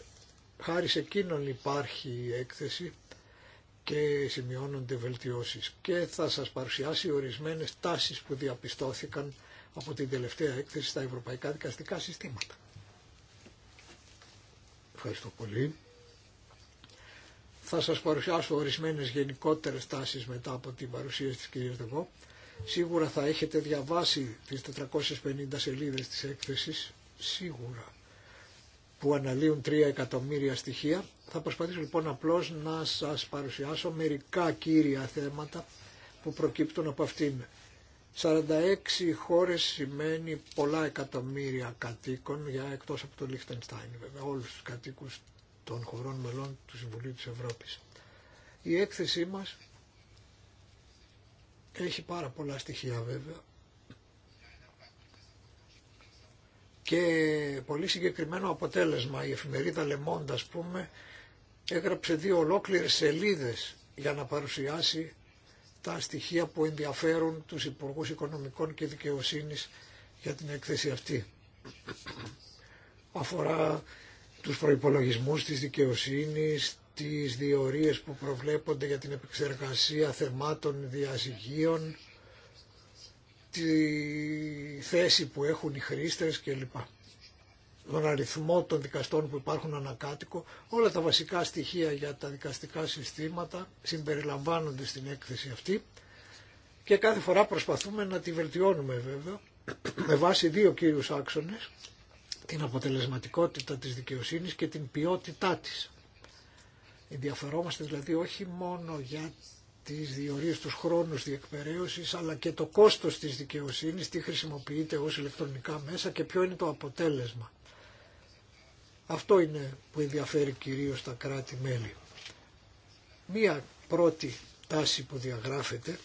Χάρη σε εκείνον υπάρχει η έκθεση και σημειώνονται βελτιώσεις και θα σας παρουσιάσει ορισμένες τάσεις που διαπιστώθηκαν από την τελευταία έκθεση στα ευρωπαϊκά δικαστικά συστήματα. Ευχαριστώ πολύ. Θα σας παρουσιάσω ορισμένες γενικότερες τάσεις μετά από την παρουσίαση της κυρίας Δεβό. Σίγουρα θα έχετε διαβάσει τις 450 σελίδες της έκθεσης, σίγουρα, που αναλύουν 3 εκατομμύρια στοιχεία. Θα προσπαθήσω λοιπόν απλώς να σας παρουσιάσω μερικά κύρια θέματα που προκύπτουν από αυτήν. 46 χώρες σημαίνει πολλά εκατομμύρια κατοίκων, για, εκτός από το Λίχτενστάιν βέβαια, όλους τους κατοίκους των χωρών μελών του Συμβουλίου της Ευρώπης. Η έκθεσή μας έχει πάρα πολλά στοιχεία βέβαια και πολύ συγκεκριμένο αποτέλεσμα. Η εφημερίδα Λεμόντα, ας πούμε, έγραψε δύο ολόκληρες σελίδες για να παρουσιάσει τα στοιχεία που ενδιαφέρουν τους Υπουργούς Οικονομικών και Δικαιοσύνης για την έκθεση αυτή. Αφορά τους προϋπολογισμούς της δικαιοσύνης, τις διορίες που προβλέπονται για την επεξεργασία θεμάτων διαζυγίων, τη θέση που έχουν οι χρήστες κλπ. Τον αριθμό των δικαστών που υπάρχουν ανακάτοικο, όλα τα βασικά στοιχεία για τα δικαστικά συστήματα συμπεριλαμβάνονται στην έκθεση αυτή και κάθε φορά προσπαθούμε να τη βελτιώνουμε βέβαια με βάση δύο κύριους άξονες την αποτελεσματικότητα της δικαιοσύνης και την ποιότητά της. Ενδιαφερόμαστε δηλαδή όχι μόνο για τις διορίες τους χρόνους διεκπαιρέωσης αλλά και το κόστος της δικαιοσύνης, τι χρησιμοποιείται ως ηλεκτρονικά μέσα και ποιο είναι το αποτέλεσμα. Αυτό είναι που ενδιαφέρει κυρίως τα κράτη-μέλη. Μία πρώτη τάση που διαγράφεται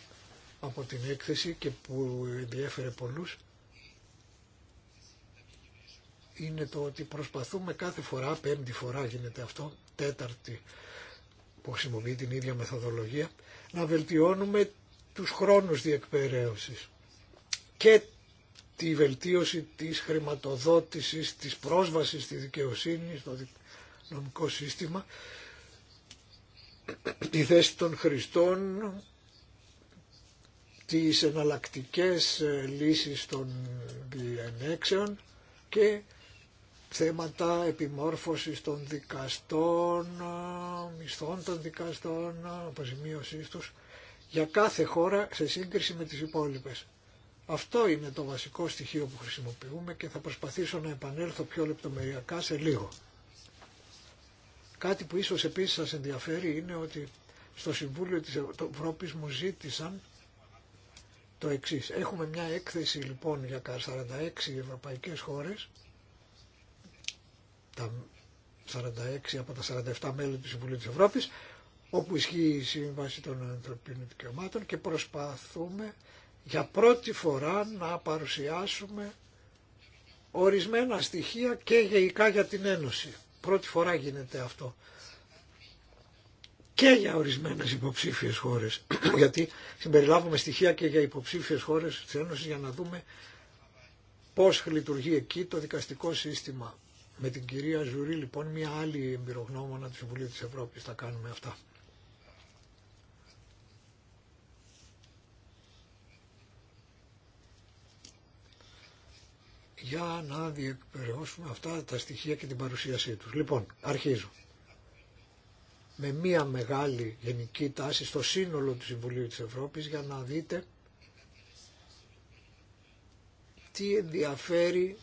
από την έκθεση και που ενδιέφερε πολλούς είναι το ότι προσπαθούμε κάθε φορά, πέμπτη φορά γίνεται αυτό, τέταρτη που χρησιμοποιεί την ίδια μεθοδολογία, να βελτιώνουμε τους χρόνους διεκπαιρέωσης και τη βελτίωση της χρηματοδότησης, της πρόσβασης στη δικαιοσύνη, στο νομικό σύστημα, τη θέση των χρηστών, τις εναλλακτικές λύσεις των διενέξεων και θέματα επιμόρφωσης των δικαστών, μισθών των δικαστών, αποζημίωσής τους για κάθε χώρα σε σύγκριση με τις υπόλοιπες. Αυτό είναι το βασικό στοιχείο που χρησιμοποιούμε και θα προσπαθήσω να επανέλθω πιο λεπτομεριακά σε λίγο. Κάτι που ίσως επίσης σας ενδιαφέρει είναι ότι στο Συμβούλιο της Ευρώπης μου ζήτησαν το εξής. Έχουμε μια έκθεση λοιπόν για 46 ευρωπαϊκές χώρες τα 46 από τα 47 μέλη του Συμβουλίου της Ευρώπης, όπου ισχύει η Σύμβαση των Ανθρωπίνων Δικαιωμάτων και προσπαθούμε για πρώτη φορά να παρουσιάσουμε ορισμένα στοιχεία και γεϊκά για την Ένωση. Πρώτη φορά γίνεται αυτό. Και για ορισμένες υποψήφιες χώρες. Γιατί συμπεριλάβουμε στοιχεία και για υποψήφιες χώρες της Ένωσης για να δούμε πώς λειτουργεί εκεί το δικαστικό σύστημα με την κυρία Ζουρή λοιπόν μια άλλη εμπειρογνώμονα του Συμβουλίου της Ευρώπης θα κάνουμε αυτά. για να διεκπαιρεώσουμε αυτά τα στοιχεία και την παρουσίασή τους. Λοιπόν, αρχίζω. Με μία μεγάλη γενική τάση στο σύνολο του Συμβουλίου της Ευρώπης για να δείτε τι ενδιαφέρει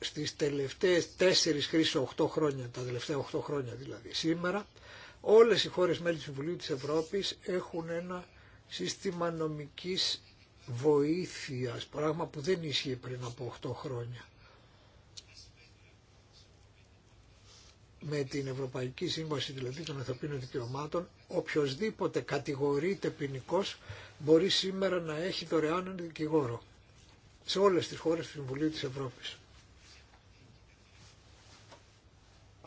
στις τελευταίες 4 χρήσεις 8 χρόνια, τα τελευταία 8 χρόνια δηλαδή σήμερα, όλες οι χώρες μέλη του Συμβουλίου της Ευρώπης έχουν ένα σύστημα νομικής βοήθειας, πράγμα που δεν ίσχυε πριν από 8 χρόνια. Με την Ευρωπαϊκή Σύμβαση δηλαδή των Ανθρωπίνων Δικαιωμάτων, οποιοδήποτε κατηγορείται ποινικό μπορεί σήμερα να έχει δωρεάν δικηγόρο σε όλες τις χώρες του Συμβουλίου της Ευρώπης.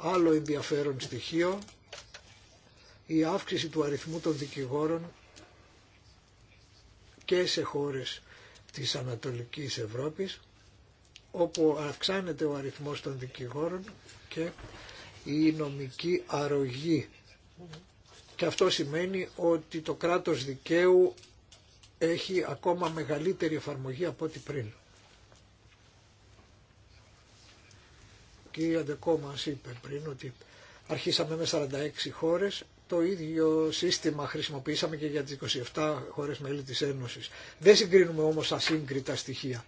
Άλλο ενδιαφέρον στοιχείο, η αύξηση του αριθμού των δικηγόρων και σε χώρες της Ανατολικής Ευρώπης, όπου αυξάνεται ο αριθμός των δικηγόρων και η νομική αρρωγή. Και αυτό σημαίνει ότι το κράτος δικαίου έχει ακόμα μεγαλύτερη εφαρμογή από ό,τι πριν. Η Αντεκό μας είπε πριν ότι αρχίσαμε με 46 χώρες, το ίδιο σύστημα χρησιμοποιήσαμε και για τις 27 χώρες μέλη της Ένωσης. Δεν συγκρίνουμε όμως ασύγκριτα στοιχεία.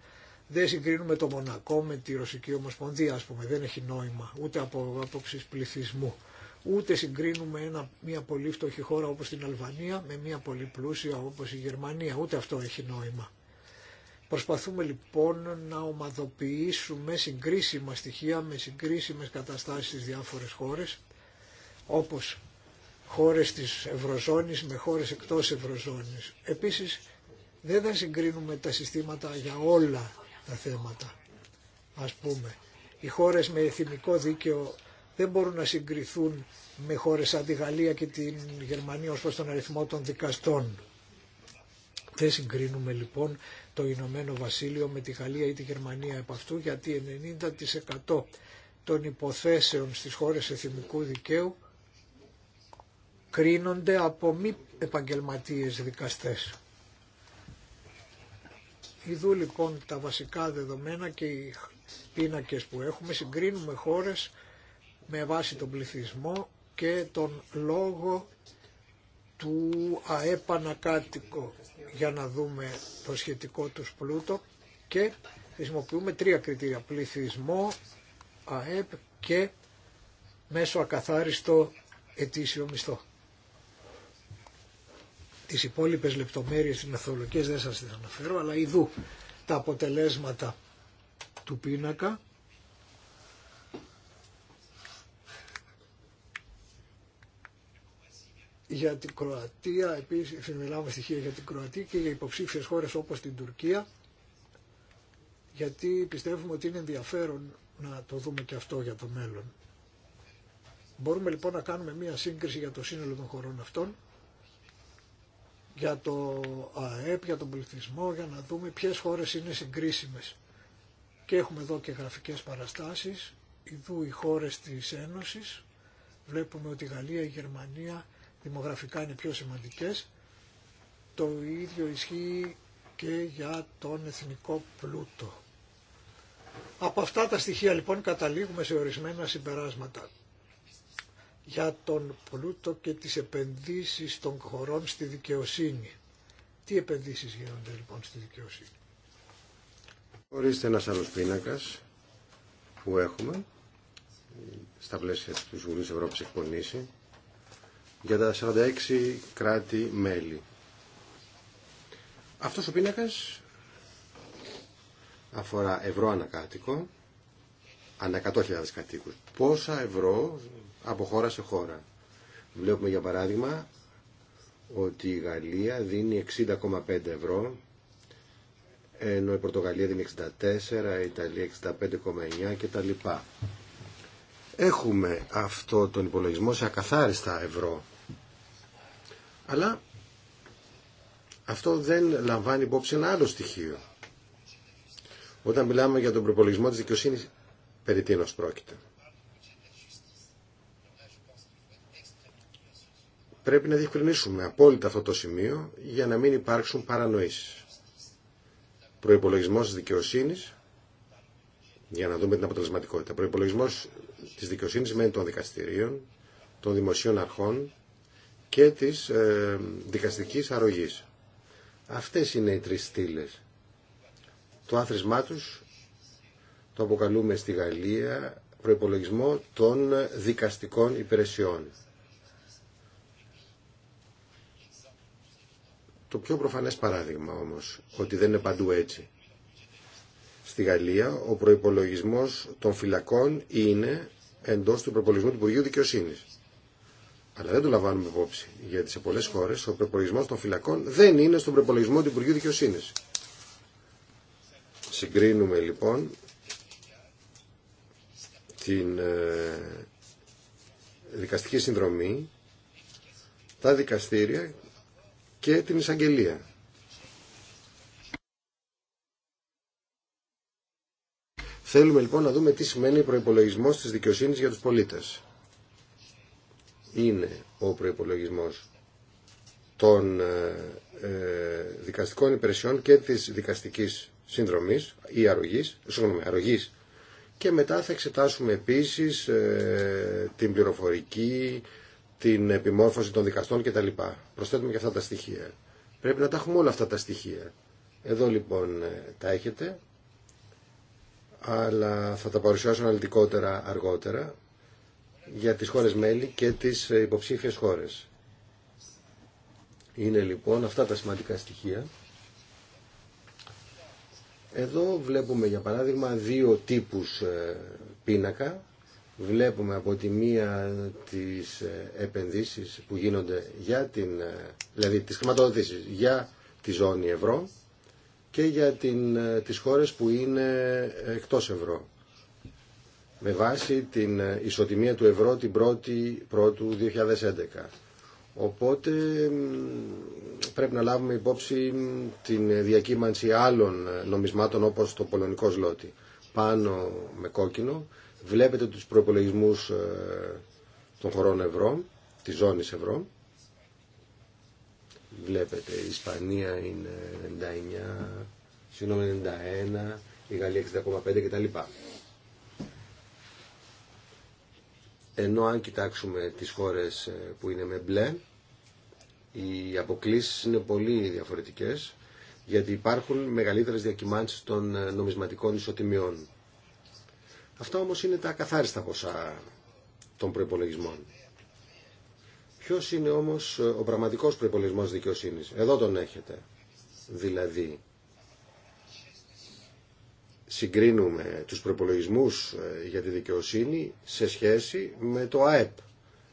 Δεν συγκρίνουμε το Μονακό με τη Ρωσική Ομοσπονδία, ας πούμε. Δεν έχει νόημα, ούτε από άποψη πληθυσμού. Ούτε συγκρίνουμε ένα, μια πολύ φτωχή χώρα όπως την Αλβανία με μια πολύ πλούσια όπως η Γερμανία. Ούτε αυτό έχει νόημα. Προσπαθούμε λοιπόν να ομαδοποιήσουμε συγκρίσιμα στοιχεία με συγκρίσιμες καταστάσεις στις διάφορες χώρες, όπως χώρες της Ευρωζώνης με χώρες εκτός Ευρωζώνης. Επίσης, δεν θα συγκρίνουμε τα συστήματα για όλα τα θέματα, ας πούμε. Οι χώρες με εθνικό δίκαιο δεν μπορούν να συγκριθούν με χώρες σαν τη Γαλλία και την Γερμανία ως προς τον αριθμό των δικαστών. Δεν συγκρίνουμε λοιπόν το Ηνωμένο Βασίλειο με τη Γαλλία ή τη Γερμανία επ' αυτού γιατί 90% των υποθέσεων στις χώρες εθνικού δικαίου κρίνονται από μη επαγγελματίες δικαστές. Ιδού λοιπόν τα βασικά δεδομένα και οι πίνακες που έχουμε συγκρίνουμε χώρες με βάση τον πληθυσμό και τον λόγο του αέπανακάτοικο για να δούμε το σχετικό τους πλούτο και χρησιμοποιούμε τρία κριτήρια. Πληθυσμό, ΑΕΠ και μέσω ακαθάριστο ετήσιο μισθό. Τις υπόλοιπες λεπτομέρειες, της μεθοδολογίες δεν σας τις αναφέρω, αλλά ειδού τα αποτελέσματα του πίνακα για την Κροατία, επίσης μιλάμε στοιχεία για την Κροατία και για υποψήφιες χώρες όπως την Τουρκία, γιατί πιστεύουμε ότι είναι ενδιαφέρον να το δούμε και αυτό για το μέλλον. Μπορούμε λοιπόν να κάνουμε μία σύγκριση για το σύνολο των χωρών αυτών, για το ΑΕΠ, για τον πληθυσμό, για να δούμε ποιες χώρες είναι συγκρίσιμες. Και έχουμε εδώ και γραφικές παραστάσεις, ειδού οι χώρες της Ένωσης, βλέπουμε ότι η Γαλλία, η Γερμανία, δημογραφικά είναι πιο σημαντικές. Το ίδιο ισχύει και για τον εθνικό πλούτο. Από αυτά τα στοιχεία λοιπόν καταλήγουμε σε ορισμένα συμπεράσματα για τον πλούτο και τις επενδύσεις των χωρών στη δικαιοσύνη. Τι επενδύσεις γίνονται λοιπόν στη δικαιοσύνη. Ορίστε ένας άλλος πίνακας που έχουμε στα πλαίσια του Βουλής Ευρώπης εκπονήσει για τα 46 κράτη-μέλη. Αυτός ο πίνακας αφορά ευρώ ανακάτοικο, ανά 100.000 κατοίκους. Πόσα ευρώ από χώρα σε χώρα. Βλέπουμε για παράδειγμα ότι η Γαλλία δίνει 60,5 ευρώ, ενώ η Πορτογαλία δίνει 64, η Ιταλία 65,9 κτλ. Έχουμε αυτό τον υπολογισμό σε ακαθάριστα ευρώ. Αλλά αυτό δεν λαμβάνει υπόψη ένα άλλο στοιχείο. Όταν μιλάμε για τον προπολογισμό της δικαιοσύνης, περί τίνος πρόκειται. Πρέπει να διευκρινίσουμε απόλυτα αυτό το σημείο για να μην υπάρξουν παρανοήσεις. Προϋπολογισμός της δικαιοσύνης, για να δούμε την αποτελεσματικότητα. Προϋπολογισμός της δικαιοσύνης μένει των δικαστηρίων, των δημοσίων αρχών, και της ε, δικαστικής αρρωγής. Αυτές είναι οι τρεις στήλε. Το άθροισμά τους το αποκαλούμε στη Γαλλία προϋπολογισμό των δικαστικών υπηρεσιών. Το πιο προφανές παράδειγμα όμως, ότι δεν είναι παντού έτσι. Στη Γαλλία ο προϋπολογισμός των φυλακών είναι εντός του προϋπολογισμού του Υπουργείου Δικαιοσύνης. Αλλά δεν το λαμβάνουμε υπόψη. Γιατί σε πολλέ χώρε ο προπολογισμό των φυλακών δεν είναι στον προπολογισμό του Υπουργείου Δικαιοσύνη. Συγκρίνουμε λοιπόν την ε, δικαστική συνδρομή, τα δικαστήρια και την εισαγγελία. Θέλουμε λοιπόν να δούμε τι σημαίνει προπολογισμό τη δικαιοσύνη για του πολίτε είναι ο προϋπολογισμός των ε, ε, δικαστικών υπηρεσιών και της δικαστικής συνδρομής ή αρρωγής, συγγνώμη, Και μετά θα εξετάσουμε επίσης ε, την πληροφορική, την επιμόρφωση των δικαστών κτλ. Προσθέτουμε και αυτά τα στοιχεία. Πρέπει να τα έχουμε όλα αυτά τα στοιχεία. Εδώ λοιπόν τα έχετε, αλλά θα τα παρουσιάσω αναλυτικότερα αργότερα για τις χώρες μέλη και τις ε, υποψήφιες χώρες. Είναι λοιπόν αυτά τα σημαντικά στοιχεία. Εδώ βλέπουμε για παράδειγμα δύο τύπους ε, πίνακα. Βλέπουμε από τη μία τις ε, επενδύσεις που γίνονται για την, δηλαδή τις χρηματοδοτήσεις για τη ζώνη ευρώ και για την, τις χώρες που είναι εκτός ευρώ με βάση την ε, ισοτιμία του ευρώ την 1η πρώτου 2011. Οπότε πρέπει να λάβουμε υπόψη την διακύμανση άλλων ε, νομισμάτων όπως το πολωνικό σλότι. Πάνω με κόκκινο βλέπετε τους προπολογισμούς ε, των χωρών ευρώ, της ζώνης ευρώ. Βλέπετε η Ισπανία με κοκκινο βλεπετε τους προϋπολογισμούς των χωρων ευρω της ζωνης ευρω βλεπετε η ισπανια ειναι 99, συγγνώμη 91, η Γαλλία 60,5 κτλ. Ενώ αν κοιτάξουμε τις χώρες ε, που είναι με μπλε, οι αποκλήσεις είναι πολύ διαφορετικές, γιατί υπάρχουν μεγαλύτερες διακυμάνσεις των ε, νομισματικών ισοτιμιών. Αυτά όμως είναι τα καθάριστα ποσά των προπολογισμών. Ποιος είναι όμως ε, ο πραγματικός προπολογισμό δικαιοσύνης. Εδώ τον έχετε. Δηλαδή, συγκρίνουμε τους προπολογισμού ε, για τη δικαιοσύνη σε σχέση με το ΑΕΠ.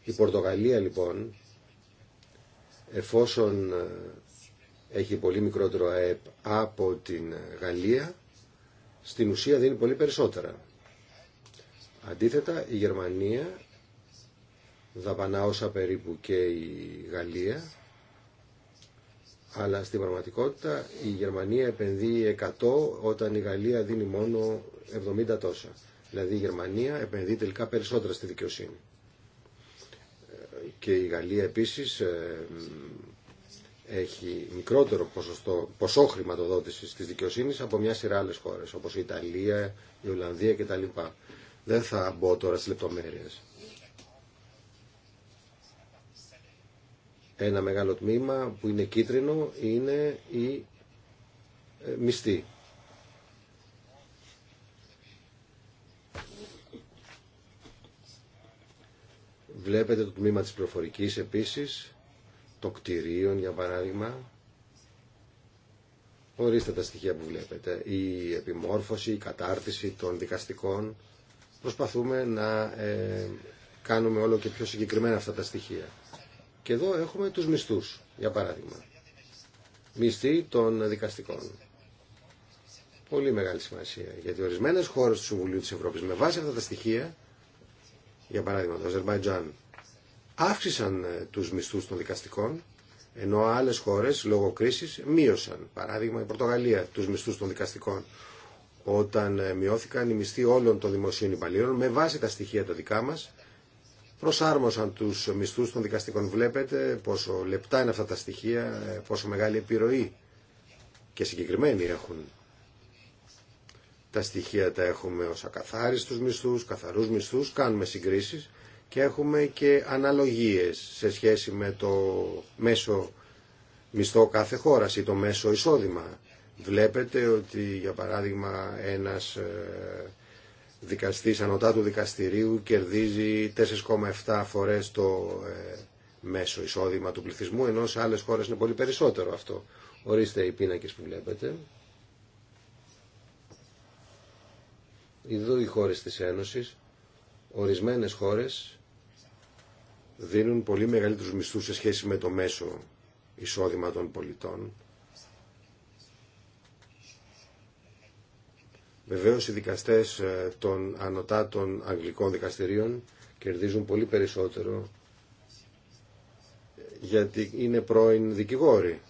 Η Πορτογαλία λοιπόν, εφόσον ε, έχει πολύ μικρότερο ΑΕΠ από την Γαλλία, στην ουσία δίνει πολύ περισσότερα. Αντίθετα, η Γερμανία δαπανά όσα περίπου και η Γαλλία, αλλά στην πραγματικότητα η Γερμανία επενδύει 100 όταν η Γαλλία δίνει μόνο 70 τόσα. Δηλαδή η Γερμανία επενδύει τελικά περισσότερα στη δικαιοσύνη. Και η Γαλλία επίσης ε, έχει μικρότερο ποσοστό, ποσό χρηματοδότησης της δικαιοσύνης από μια σειρά άλλες χώρες όπως η Ιταλία, η Ολλανδία κτλ. Δεν θα μπω τώρα στις λεπτομέρειες. Ένα μεγάλο τμήμα που είναι κίτρινο είναι η ε, μισθή. Βλέπετε το τμήμα της προφορικής επίσης, το κτηρίων για παράδειγμα. Ορίστε τα στοιχεία που βλέπετε. Η επιμόρφωση, η κατάρτιση των δικαστικών. Προσπαθούμε να ε, κάνουμε όλο και πιο συγκεκριμένα αυτά τα στοιχεία. Και εδώ έχουμε τους μισθούς, για παράδειγμα. Μισθοί των δικαστικών. Πολύ μεγάλη σημασία. Γιατί ορισμένε χώρε του Συμβουλίου τη Ευρώπη με βάση αυτά τα στοιχεία, για παράδειγμα το Αζερβαϊτζάν, αύξησαν ε, του μισθού των δικαστικών, ενώ άλλε χώρε λόγω κρίση μείωσαν. Παράδειγμα η Πορτογαλία του μισθού των δικαστικών, όταν ε, μειώθηκαν οι μισθοί όλων των δημοσίων υπαλλήλων με βάση τα στοιχεία τα δικά μα προσάρμοσαν τους μισθούς των δικαστικών. Βλέπετε πόσο λεπτά είναι αυτά τα στοιχεία, πόσο μεγάλη επιρροή και συγκεκριμένοι έχουν. Τα στοιχεία τα έχουμε ως ακαθάριστους μισθούς, καθαρούς μισθούς, κάνουμε συγκρίσεις και έχουμε και αναλογίες σε σχέση με το μέσο μισθό κάθε χώρας ή το μέσο εισόδημα. Βλέπετε ότι για παράδειγμα ένας ε, δικαστής του δικαστηρίου κερδίζει 4,7 φορές το ε, μέσο εισόδημα του πληθυσμού, ενώ σε άλλες χώρες είναι πολύ περισσότερο αυτό. Ορίστε οι πίνακες που βλέπετε. Εδώ οι χώρες της Ένωσης, ορισμένες χώρες δίνουν πολύ μεγαλύτερους μισθούς σε σχέση με το μέσο εισόδημα των πολιτών Βεβαίως οι δικαστές ε, των ανωτάτων αγγλικών δικαστηρίων κερδίζουν πολύ περισσότερο γιατί είναι πρώην δικηγόροι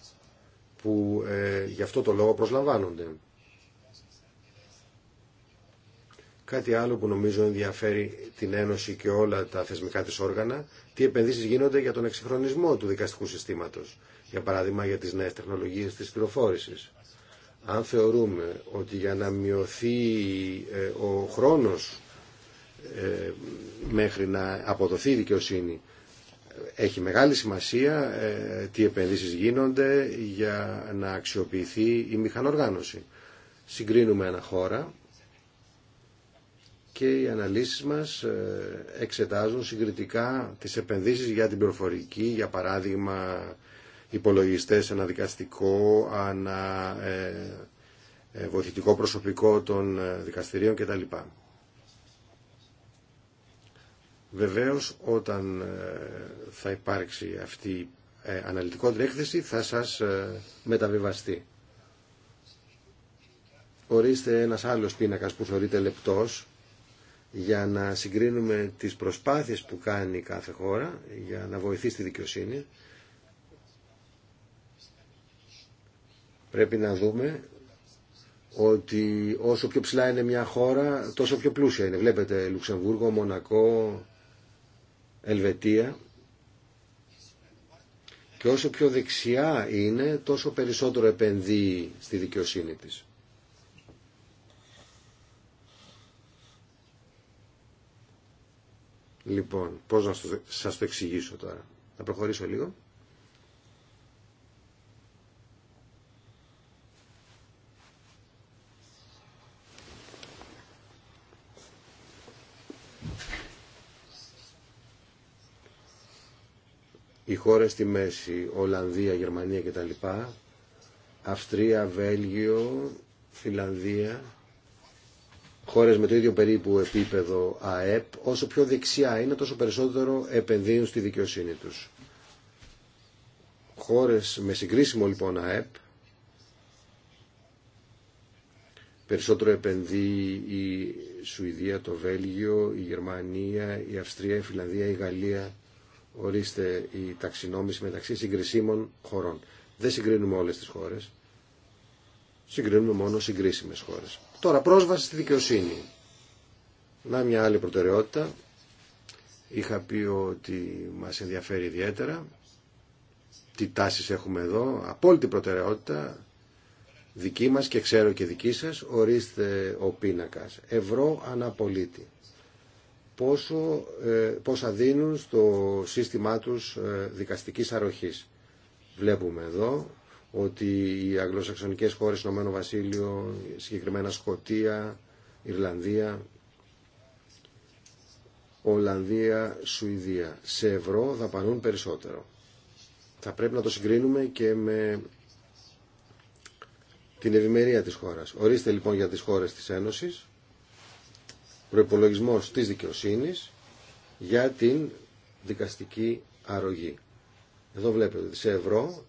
που ε, γι' αυτό το λόγο προσλαμβάνονται. Κάτι άλλο που νομίζω ενδιαφέρει την Ένωση και όλα τα θεσμικά της όργανα, τι επενδύσεις γίνονται για τον εξυγχρονισμό του δικαστικού συστήματος. Για παράδειγμα για τις νέες τεχνολογίες της πληροφόρησης. Αν θεωρούμε ότι για να μειωθεί ε, ο χρόνος ε, μέχρι να αποδοθεί η δικαιοσύνη έχει μεγάλη σημασία ε, τι επενδύσεις γίνονται για να αξιοποιηθεί η μηχανοργάνωση. Συγκρίνουμε ένα χώρα και οι αναλύσεις μας εξετάζουν συγκριτικά τις επενδύσεις για την πληροφορική, για παράδειγμα υπολογιστέ, ένα δικαστικό, ένα ε, ε, βοηθητικό προσωπικό των ε, δικαστηρίων κτλ. Βεβαίως όταν θα υπάρξει αυτή η αναλυτικότερη έκθεση θα σας μεταβιβαστεί. Ορίστε ένας άλλος πίνακας που θεωρείται λεπτός για να συγκρίνουμε τις προσπάθειες που κάνει κάθε χώρα για να βοηθήσει τη δικαιοσύνη Πρέπει να δούμε ότι όσο πιο ψηλά είναι μια χώρα, τόσο πιο πλούσια είναι. Βλέπετε Λουξεμβούργο, Μονακό, Ελβετία. Και όσο πιο δεξιά είναι, τόσο περισσότερο επενδύει στη δικαιοσύνη της. Λοιπόν, πώς να σας το εξηγήσω τώρα. Θα προχωρήσω λίγο. οι χώρες στη μέση, Ολλανδία, Γερμανία κτλ. Αυστρία, Βέλγιο, Φιλανδία, χώρες με το ίδιο περίπου επίπεδο ΑΕΠ, όσο πιο δεξιά είναι, τόσο περισσότερο επενδύουν στη δικαιοσύνη τους. Χώρες με συγκρίσιμο λοιπόν ΑΕΠ, περισσότερο επενδύει η Σουηδία, το Βέλγιο, η Γερμανία, η Αυστρία, η Φιλανδία, η Γαλλία, ορίστε η ταξινόμηση μεταξύ συγκρισίμων χωρών. Δεν συγκρίνουμε όλες τις χώρες. Συγκρίνουμε μόνο συγκρίσιμες χώρες. Τώρα πρόσβαση στη δικαιοσύνη. Να μια άλλη προτεραιότητα. Είχα πει ότι μας ενδιαφέρει ιδιαίτερα. Τι τάσεις έχουμε εδώ. Απόλυτη προτεραιότητα. Δική μας και ξέρω και δική σας. Ορίστε ο πίνακας. Ευρώ αναπολίτη πόσο, ε, πόσα δίνουν στο σύστημά τους ε, δικαστικής αροχής. Βλέπουμε εδώ ότι οι αγγλοσαξονικές χώρες, Ηνωμένο Βασίλειο, συγκεκριμένα Σκοτία, Ιρλανδία, Ολλανδία, Σουηδία, σε ευρώ δαπανούν περισσότερο. Θα πρέπει να το συγκρίνουμε και με την ευημερία της χώρας. Ορίστε λοιπόν για τις χώρες της Ένωσης προϋπολογισμός της δικαιοσύνης για την δικαστική αρρωγή. Εδώ βλέπετε ότι σε ευρώ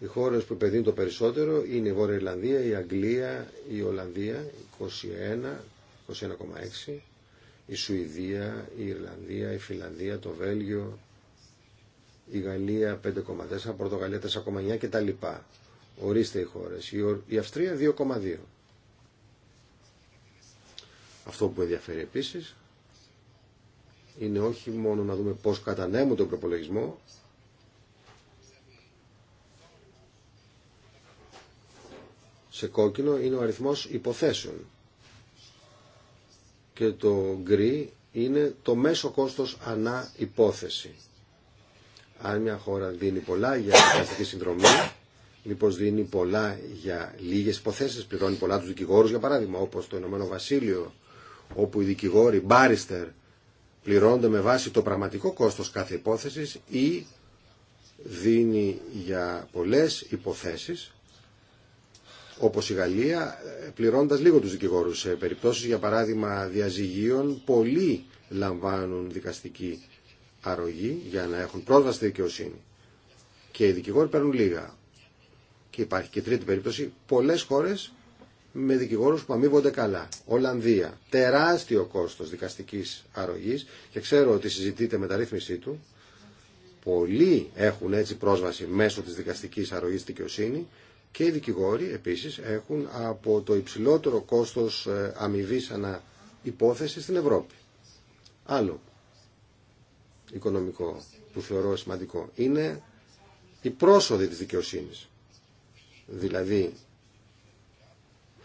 οι χώρες που επενδύουν το περισσότερο είναι η Βόρεια Ιρλανδία, η Αγγλία, η Ολλανδία, 21, 21,6, η Σουηδία, η Ιρλανδία, η Φιλανδία, το Βέλγιο, η Γαλλία 5,4, Πορτογαλία 4,9 κτλ. Ορίστε οι χώρες. Η Αυστρία 2,2. Αυτό που ενδιαφέρει επίση. είναι όχι μόνο να δούμε πώς κατανέμουν τον προπολογισμό, σε κόκκινο είναι ο αριθμός υποθέσεων και το γκρι είναι το μέσο κόστος ανά υπόθεση. Αν μια χώρα δίνει πολλά για δικαστική συνδρομή, μήπως δίνει πολλά για λίγες υποθέσεις, πληρώνει πολλά τους δικηγόρους για παράδειγμα, όπως το Ηνωμένο Βασίλειο όπου οι δικηγόροι μπάριστερ πληρώνονται με βάση το πραγματικό κόστος κάθε υπόθεσης ή δίνει για πολλές υποθέσεις όπως η Γαλλία ε, πληρώντας λίγο τους δικηγόρους σε περιπτώσεις για παράδειγμα η γαλλια πληρωνοντας πολλοί λαμβάνουν δικαστική αρρωγή για να έχουν πρόσβαση δικαιοσύνη και οι δικηγόροι παίρνουν λίγα και υπάρχει και τρίτη περίπτωση πολλές χώρες με δικηγόρους που αμείβονται καλά. Ολλανδία. Τεράστιο κόστος δικαστικής αρρωγής και ξέρω ότι συζητείται ρύθμισή του. Πολλοί έχουν έτσι πρόσβαση μέσω της δικαστικής αρρωγής δικαιοσύνη και οι δικηγόροι επίσης έχουν από το υψηλότερο κόστος ε, αμοιβή ανά υπόθεση στην Ευρώπη. Άλλο οικονομικό που θεωρώ σημαντικό είναι η πρόσοδη της δικαιοσύνης. Δηλαδή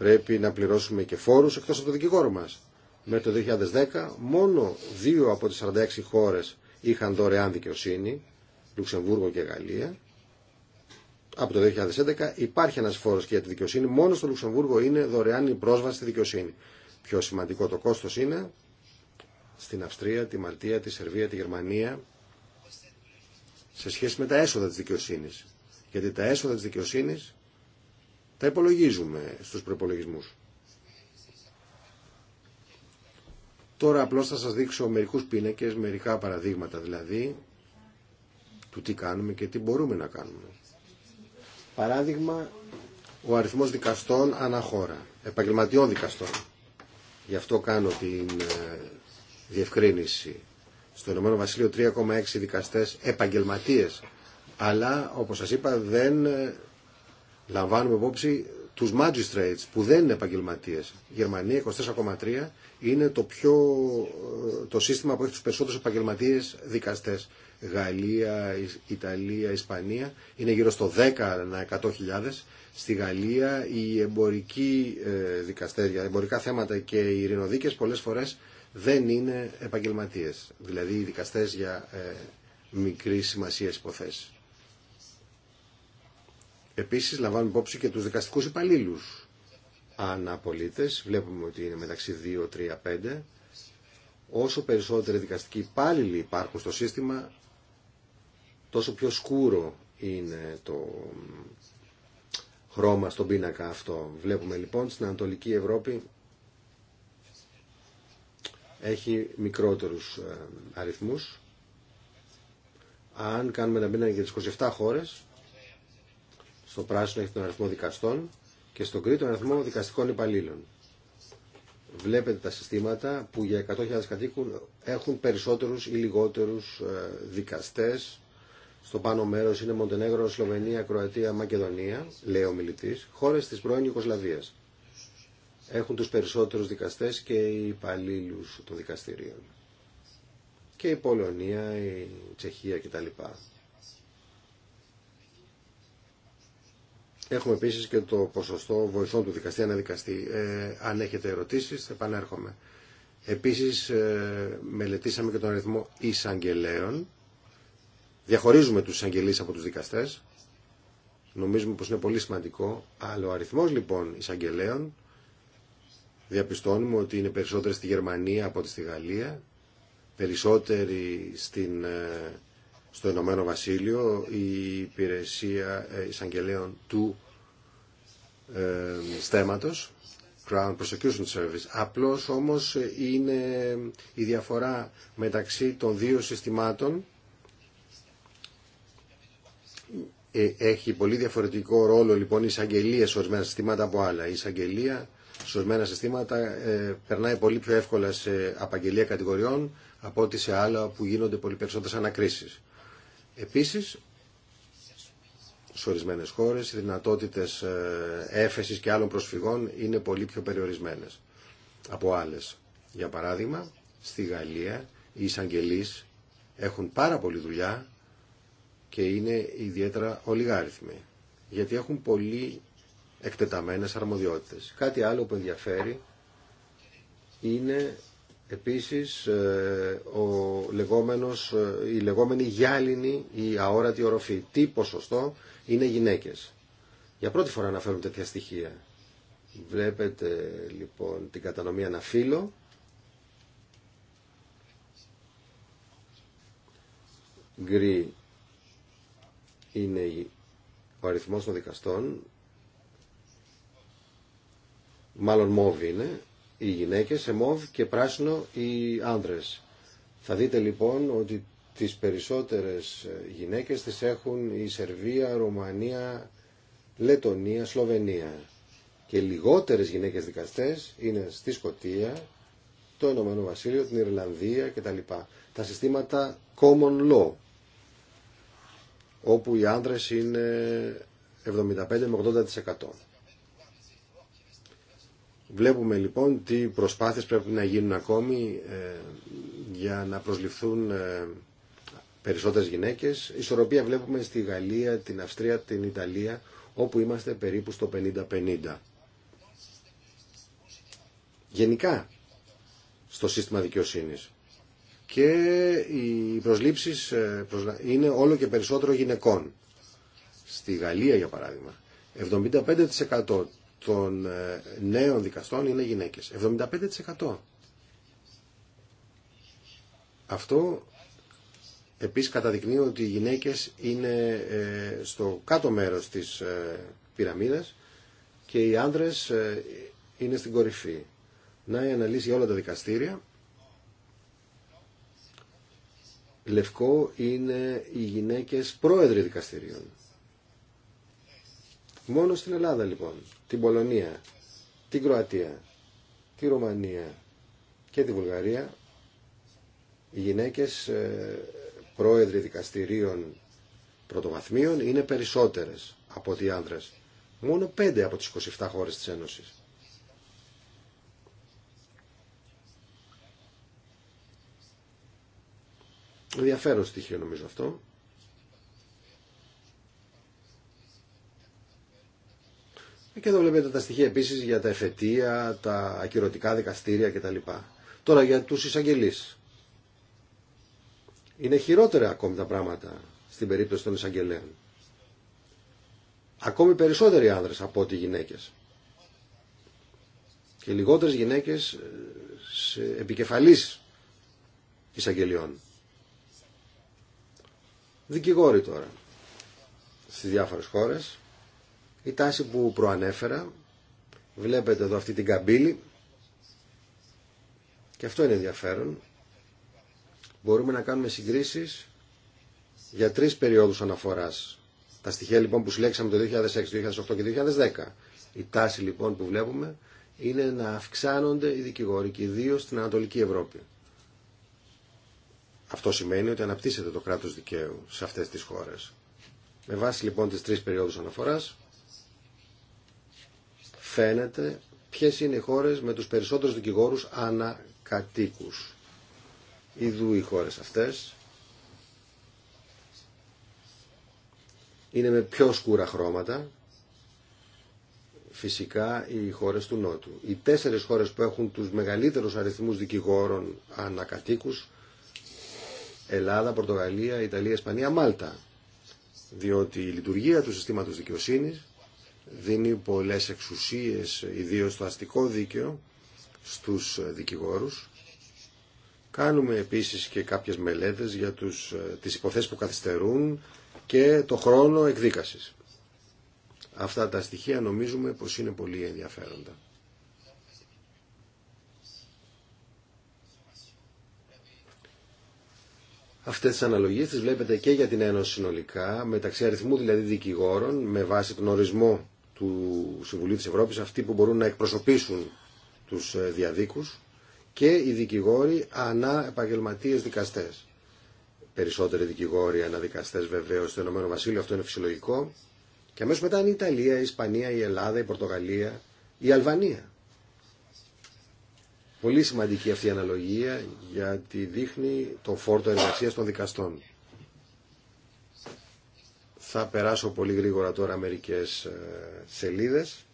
πρέπει να πληρώσουμε και φόρους εκτός από το δικηγόρο μας. Με το 2010 μόνο δύο από τις 46 χώρες είχαν δωρεάν δικαιοσύνη, Λουξεμβούργο και Γαλλία. Από το 2011 υπάρχει ένας φόρος και για τη δικαιοσύνη, μόνο στο Λουξεμβούργο είναι δωρεάν η πρόσβαση στη δικαιοσύνη. Πιο σημαντικό το κόστος είναι στην Αυστρία, τη Μαλτία, τη Σερβία, τη Γερμανία σε σχέση με τα έσοδα της δικαιοσύνης. Γιατί τα έσοδα της δικαιοσύνης τα υπολογίζουμε στους προπολογισμού. Τώρα απλώς θα σας δείξω μερικούς πίνακες, μερικά παραδείγματα δηλαδή, του τι κάνουμε και τι μπορούμε να κάνουμε. Παράδειγμα, ο αριθμός δικαστών αναχώρα, επαγγελματιών δικαστών. Γι' αυτό κάνω την ε, διευκρίνηση. Στο Ηνωμένο Βασίλειο 3,6 δικαστές επαγγελματίες. Αλλά, όπως σας είπα, δεν ε, λαμβάνουμε υπόψη του magistrates που δεν είναι επαγγελματίε. Γερμανία 24,3 είναι το, πιο, ε, το σύστημα που έχει του περισσότερου επαγγελματίε δικαστέ. Γαλλία, Ιταλία, Ισπανία είναι γύρω στο 10 ανά 100.000. Στη Γαλλία οι εμπορικοί ε, δικαστές για εμπορικά θέματα και οι ειρηνοδίκες πολλές φορές δεν είναι επαγγελματίες. Δηλαδή οι δικαστές για ε, μικρή σημασία υποθέσεις. Επίσης λαμβάνουμε υπόψη και τους δικαστικούς υπαλλήλους. αναπολίτες. βλέπουμε ότι είναι μεταξύ 2, 3, 5. Όσο περισσότεροι δικαστικοί υπάλληλοι υπάρχουν στο σύστημα, τόσο πιο σκούρο είναι το χρώμα στον πίνακα αυτό. Βλέπουμε λοιπόν στην Ανατολική Ευρώπη έχει μικρότερους ε, αριθμούς. Αν κάνουμε ένα πίνακα για τις 27 χώρες, στο πράσινο έχει τον αριθμό δικαστών και στον κρήτο τον αριθμό δικαστικών υπαλλήλων. Βλέπετε τα συστήματα που για 100.000 κατοίκου έχουν περισσότερους ή λιγότερους ε, δικαστές. Στο πάνω μέρος είναι Μοντενέγρο, Σλοβενία, Κροατία, Μακεδονία, λέει ο μιλητής, χώρες της πρώην Ιουκοσλαβίας. Έχουν τους περισσότερους δικαστές και οι υπαλλήλου των δικαστηρίων. Και η Πολωνία, η Τσεχία κτλ. Έχουμε επίσης και το ποσοστό βοηθών του δικαστή, ένα δικαστή. Ε, αν έχετε ερωτήσεις, θα επανέρχομαι. Επίσης, ε, μελετήσαμε και τον αριθμό εισαγγελέων. Διαχωρίζουμε τους εισαγγελεί από τους δικαστές. Νομίζουμε πως είναι πολύ σημαντικό. Αλλά ο αριθμός λοιπόν εισαγγελέων διαπιστώνουμε ότι είναι περισσότεροι στη Γερμανία από ότι στη Γαλλία, περισσότεροι στην ε, στο Ηνωμένο Βασίλειο η υπηρεσία ε, εισαγγελέων του ε, στέματος Crown Prosecution Service. Απλώς όμως ε, είναι η διαφορά μεταξύ των δύο συστημάτων ε, έχει πολύ διαφορετικό ρόλο λοιπόν η εισαγγελία σε συστήματα από άλλα. Η εισαγγελία σε ορισμένα συστήματα περνάει πολύ πιο εύκολα σε απαγγελία κατηγοριών από ότι σε άλλα που γίνονται πολύ περισσότερε ανακρίσεις. Επίσης, σε ορισμένες χώρες οι δυνατότητες ε, έφεσης και άλλων προσφυγών είναι πολύ πιο περιορισμένες από άλλες. Για παράδειγμα, στη Γαλλία οι εισαγγελείς έχουν πάρα πολύ δουλειά και είναι ιδιαίτερα ολιγάριθμοι, γιατί έχουν πολύ εκτεταμένες αρμοδιότητες. Κάτι άλλο που ενδιαφέρει είναι Επίσης, ε, ο λεγόμενος, ε, η λεγόμενη γυάλινη ή αόρατη οροφή. Τι ποσοστό είναι γυναίκες. Για πρώτη φορά αναφέρουν τέτοια στοιχεία. Βλέπετε λοιπόν την κατανομή αναφύλο. Γκρι είναι ο αριθμός των δικαστών. Μάλλον μόβι είναι οι γυναίκες σε μοβ και πράσινο οι άνδρες. Θα δείτε λοιπόν ότι τις περισσότερες γυναίκες τις έχουν η Σερβία, Ρουμανία Λετωνία, Σλοβενία. Και λιγότερες γυναίκες δικαστές είναι στη Σκοτία, το Ηνωμένο Βασίλειο, την Ιρλανδία κτλ. Τα συστήματα common law, όπου οι άνδρες είναι 75 με 80%. Βλέπουμε λοιπόν τι προσπάθειες πρέπει να γίνουν ακόμη ε, για να προσληφθούν ε, περισσότερες γυναίκες. Ισορροπία βλέπουμε στη Γαλλία, την Αυστρία, την Ιταλία, όπου είμαστε περίπου στο 50-50. Γενικά στο σύστημα δικαιοσύνης. Και οι προσλήψεις ε, είναι όλο και περισσότερο γυναικών. Στη Γαλλία, για παράδειγμα, 75% των ε, νέων δικαστών είναι γυναίκες. 75%. Αυτό επίσης καταδεικνύει ότι οι γυναίκες είναι ε, στο κάτω μέρος της ε, πυραμίδας και οι άντρες είναι στην κορυφή. Να για όλα τα δικαστήρια. Λευκό είναι οι γυναίκες πρόεδροι δικαστηρίων. Μόνο στην Ελλάδα λοιπόν, την Πολωνία, την Κροατία, τη Ρουμανία και τη Βουλγαρία οι γυναίκες ε, πρόεδροι δικαστηρίων πρωτοβαθμίων είναι περισσότερες από ότι οι άνδρες. Μόνο πέντε από τις 27 χώρες της Ένωσης. Ενδιαφέρον στοιχείο νομίζω αυτό. Και εδώ βλέπετε τα στοιχεία επίση για τα εφετεία, τα ακυρωτικά δικαστήρια κτλ. Τώρα για τους εισαγγελεί. Είναι χειρότερα ακόμη τα πράγματα στην περίπτωση των εισαγγελέων. Ακόμη περισσότεροι άνδρες από ό,τι γυναίκες. Και λιγότερες γυναίκες ε, σε επικεφαλής εισαγγελιών. Δικηγόροι τώρα στις διάφορες χώρες η τάση που προανέφερα, βλέπετε εδώ αυτή την καμπύλη, και αυτό είναι ενδιαφέρον, μπορούμε να κάνουμε συγκρίσεις για τρεις περιόδους αναφοράς. Τα στοιχεία λοιπόν που συλλέξαμε το 2006, 2008 και 2010. Η τάση λοιπόν που βλέπουμε είναι να αυξάνονται οι δικηγόροι και ιδίω στην Ανατολική Ευρώπη. Αυτό σημαίνει ότι αναπτύσσεται το κράτος δικαίου σε αυτές τις χώρες. Με βάση λοιπόν τις τρεις περιόδους αναφοράς φαίνεται ποιες είναι οι χώρες με τους περισσότερους δικηγόρους ανακατοίκους. Ιδού οι χώρες αυτές είναι με πιο σκούρα χρώματα φυσικά οι χώρες του Νότου. Οι τέσσερις χώρες που έχουν τους μεγαλύτερους αριθμούς δικηγόρων ανακατοίκους Ελλάδα, Πορτογαλία, Ιταλία, Ισπανία, Μάλτα. Διότι η λειτουργία του συστήματος δικαιοσύνης δίνει πολλές εξουσίες, ιδίως στο αστικό δίκαιο, στους δικηγόρους. Κάνουμε επίσης και κάποιες μελέτες για τους, τις υποθέσεις που καθυστερούν και το χρόνο εκδίκασης. Αυτά τα στοιχεία νομίζουμε πως είναι πολύ ενδιαφέροντα. Αυτές τις αναλογίες τις βλέπετε και για την Ένωση συνολικά, μεταξύ αριθμού δηλαδή δικηγόρων, με βάση τον ορισμό του Συμβουλίου της Ευρώπης, αυτοί που μπορούν να εκπροσωπήσουν τους ε, διαδίκους και οι δικηγόροι ανά επαγγελματίες δικαστές. Περισσότεροι δικηγόροι ανά δικαστές βεβαίως στο Ηνωμένο Βασίλειο, αυτό είναι φυσιολογικό. Και αμέσως μετά είναι η Ιταλία, η Ισπανία, η Ελλάδα, η Πορτογαλία, η Αλβανία. Πολύ σημαντική αυτή η αναλογία γιατί δείχνει τον φόρτο εργασίας των δικαστών. Θα περάσω πολύ γρήγορα τώρα μερικές ε, σελίδες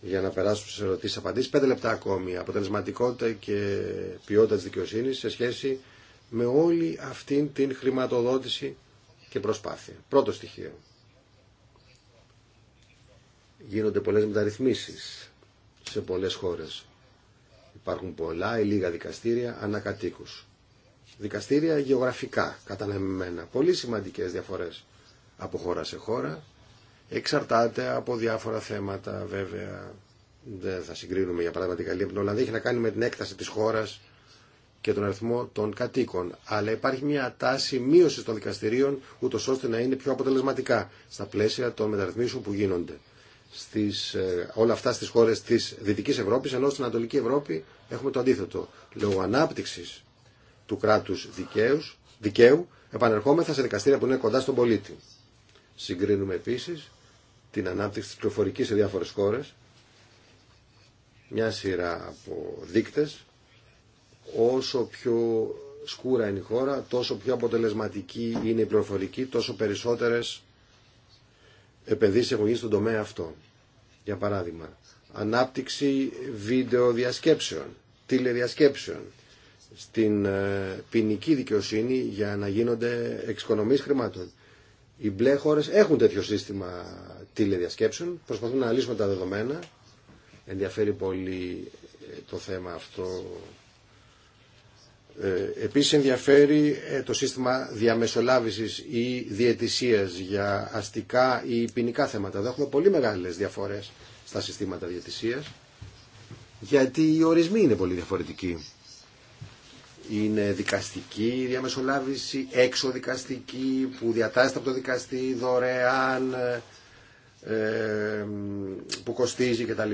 για να περάσω στις ερωτήσεις απαντήσεις. Πέντε λεπτά ακόμη. Αποτελεσματικότητα και ποιότητα της δικαιοσύνης σε σχέση με όλη αυτήν την χρηματοδότηση και προσπάθεια. Πρώτο στοιχείο. Γίνονται πολλές μεταρρυθμίσεις σε πολλές χώρες. Υπάρχουν πολλά ή λίγα δικαστήρια ανακατοίκους. Δικαστήρια γεωγραφικά κατανεμημένα. Πολύ σημαντικές διαφορές από χώρα σε χώρα. Εξαρτάται από διάφορα θέματα βέβαια. Δεν θα συγκρίνουμε για παράδειγμα την Γαλλία με Ολλανδία. Έχει να κάνει με την έκταση τη χώρα και τον αριθμό των κατοίκων. Αλλά υπάρχει μια τάση μείωση των δικαστηρίων ούτω ώστε να είναι πιο αποτελεσματικά στα πλαίσια των μεταρρυθμίσεων που γίνονται. Στις, ε, όλα αυτά στις χώρες της Δυτικής Ευρώπης ενώ στην Ανατολική Ευρώπη έχουμε το αντίθετο. Λόγω ανάπτυξης του κράτους δικαίου επανερχόμεθα σε δικαστήρια που είναι κοντά στον πολίτη. Συγκρίνουμε επίση την ανάπτυξη τη πληροφορική σε διάφορε χώρε, μια σειρά από δείκτες. Όσο πιο σκούρα είναι η χώρα, τόσο πιο αποτελεσματική είναι η πληροφορική, τόσο περισσότερε επενδύσει έχουν γίνει στον τομέα αυτό. Για παράδειγμα, ανάπτυξη βίντεο διασκέψεων, τηλεδιασκέψεων, στην ε, ποινική δικαιοσύνη για να γίνονται εξοικονομίες χρημάτων. Οι μπλε χώρε έχουν τέτοιο σύστημα τηλεδιασκέψεων, προσπαθούν να λύσουν τα δεδομένα. Ενδιαφέρει πολύ ε, το θέμα αυτό. Ε, επίσης ενδιαφέρει ε, το σύστημα διαμεσολάβησης ή διαιτησίας για αστικά ή ποινικά θέματα. Εδώ έχουμε πολύ μεγάλες διαφορές στα συστήματα διαιτησίας, γιατί οι ορισμοί είναι πολύ διαφορετικοί είναι δικαστική διαμεσολάβηση, έξω δικαστική που διατάσσεται από το δικαστή, δωρεάν, ε, που κοστίζει κτλ.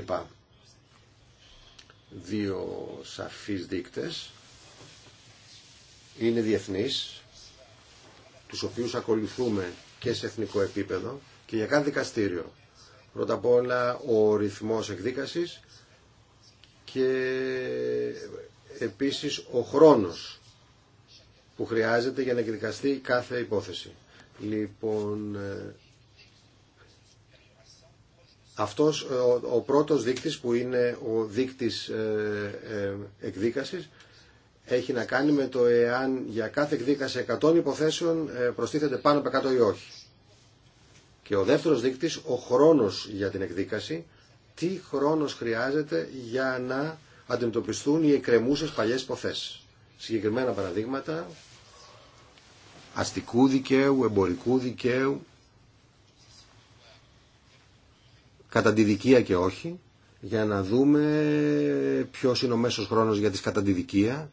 Δύο σαφείς δείκτες είναι διεθνείς, τους οποίους ακολουθούμε και σε εθνικό επίπεδο και για κάθε δικαστήριο. Πρώτα απ' όλα ο ρυθμός εκδίκασης και επίσης ο χρόνος που χρειάζεται για να εκδικαστεί κάθε υπόθεση. Λοιπόν, ε, αυτός ε, ο, ο πρώτος δείκτης που είναι ο δείκτης ε, ε, εκδίκασης έχει να κάνει με το εάν για κάθε εκδίκαση 100 υποθέσεων προστίθεται πάνω από 100 ή όχι. Και ο δεύτερος δείκτης, ο χρόνος για την εκδίκαση, τι χρόνος χρειάζεται για να αντιμετωπιστούν οι εκκρεμούσε παλιέ υποθέσει. Συγκεκριμένα παραδείγματα αστικού δικαίου, εμπορικού δικαίου, κατά τη δικία και όχι, για να δούμε ποιο είναι ο μέσος χρόνος για τις κατά τη δικία.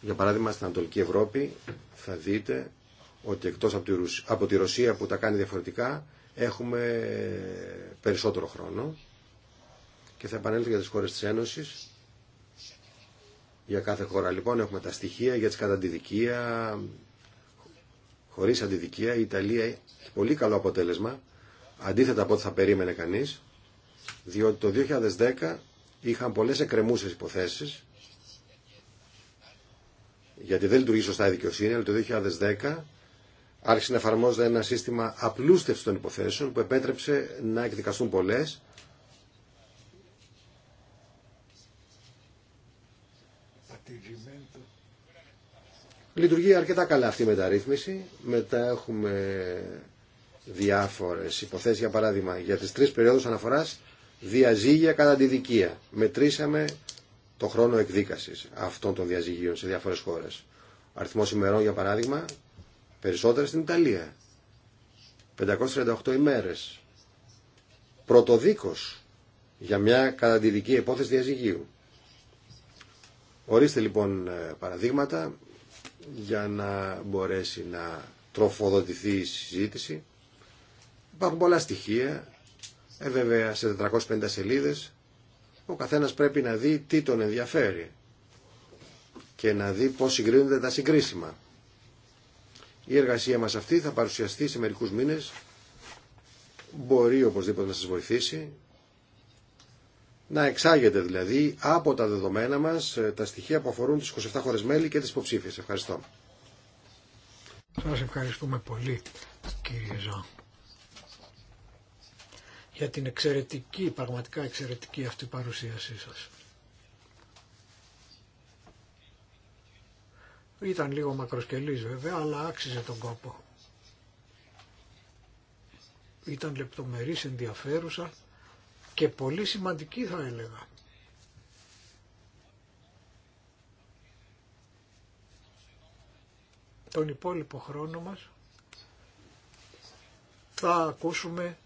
Για παράδειγμα, στην Ανατολική Ευρώπη θα δείτε ότι εκτός από τη Ρωσία που τα κάνει διαφορετικά, έχουμε περισσότερο χρόνο και θα επανέλθω για τις χώρες της Ένωσης για κάθε χώρα. Λοιπόν, έχουμε τα στοιχεία για τις κατά αντιδικία, χωρίς αντιδικία. Η Ιταλία έχει πολύ καλό αποτέλεσμα, αντίθετα από ό,τι θα περίμενε κανείς, διότι το 2010 είχαν πολλές εκκρεμούσες υποθέσεις, γιατί δεν λειτουργεί σωστά η δικαιοσύνη, αλλά το 2010 άρχισε να εφαρμόζεται ένα σύστημα απλούστευση των υποθέσεων που επέτρεψε να εκδικαστούν πολλές Λειτουργεί αρκετά καλά αυτή η μεταρρύθμιση. Μετά έχουμε διάφορε υποθέσει για παράδειγμα, για τι τρει περιοδου αναφορά διαζύγια κατά τη δικία. Μετρήσαμε το χρόνο εκδίκαση αυτών των διαζυγίων σε διάφορε χώρε. Αριθμός ημερών, για παράδειγμα, περισσότερε στην Ιταλία. 538 ημέρε. Πρωτοδίκω για μια κατά δική υπόθεση διαζυγίου. Ορίστε λοιπόν παραδείγματα για να μπορέσει να τροφοδοτηθεί η συζήτηση. Υπάρχουν πολλά στοιχεία. Ε, βέβαια, σε 450 σελίδες ο καθένας πρέπει να δει τι τον ενδιαφέρει και να δει πώς συγκρίνονται τα συγκρίσιμα. Η εργασία μας αυτή θα παρουσιαστεί σε μερικούς μήνες. Μπορεί οπωσδήποτε να σας βοηθήσει να εξάγεται δηλαδή από τα δεδομένα μας ε, τα στοιχεία που αφορούν τις 27 χώρες μέλη και τις υποψήφιες. Ευχαριστώ. Σας ευχαριστούμε πολύ κύριε Ζώ για την εξαιρετική, πραγματικά εξαιρετική αυτή παρουσίασή σας. Ήταν λίγο μακροσκελής βέβαια, αλλά άξιζε τον κόπο. Ήταν λεπτομερής, ενδιαφέρουσα και πολύ σημαντική θα έλεγα. Τον υπόλοιπο χρόνο μας θα ακούσουμε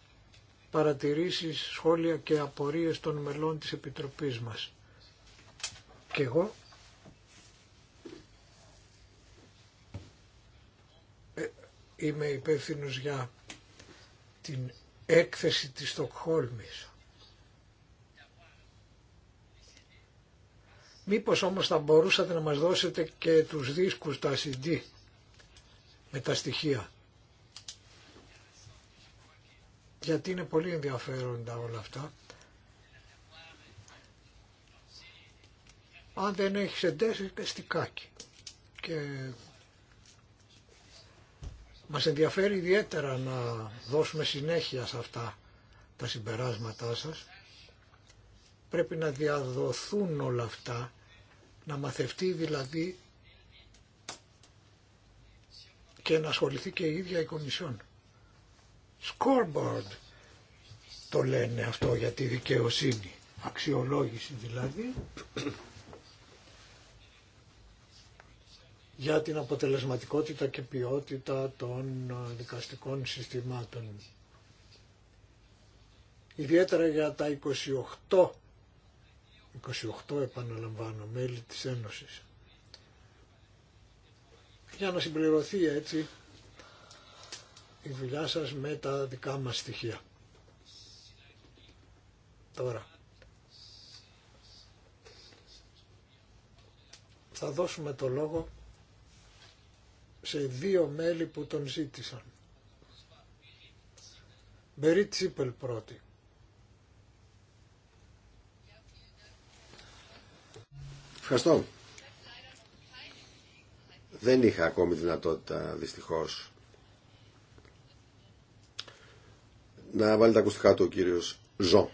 παρατηρήσεις, σχόλια και απορίες των μελών της Επιτροπής μας. Και εγώ ε, είμαι υπεύθυνος για την έκθεση της Στοκχόλμης. Μήπως όμως θα μπορούσατε να μας δώσετε και τους δίσκους, τα CD με τα στοιχεία. Γιατί είναι πολύ ενδιαφέροντα όλα αυτά. Αν δεν έχεις εντέσει, στικάκι. Και μας ενδιαφέρει ιδιαίτερα να δώσουμε συνέχεια σε αυτά τα συμπεράσματά σας. Πρέπει να διαδοθούν όλα αυτά, να μαθευτεί δηλαδή και να ασχοληθεί και η ίδια η Κομισιόν. Scoreboard το λένε αυτό για τη δικαιοσύνη. Αξιολόγηση δηλαδή για την αποτελεσματικότητα και ποιότητα των δικαστικών συστημάτων. Ιδιαίτερα για τα 28 28 επαναλαμβάνω μέλη της Ένωσης για να συμπληρωθεί έτσι η δουλειά σας με τα δικά μας στοιχεία. Τώρα, θα δώσουμε το λόγο σε δύο μέλη που τον ζήτησαν. Μπερί Τσίπελ πρώτη. Ευχαριστώ. Δεν είχα ακόμη δυνατότητα, δυστυχώς, να βάλει τα ακουστικά του ο κύριος Ζω.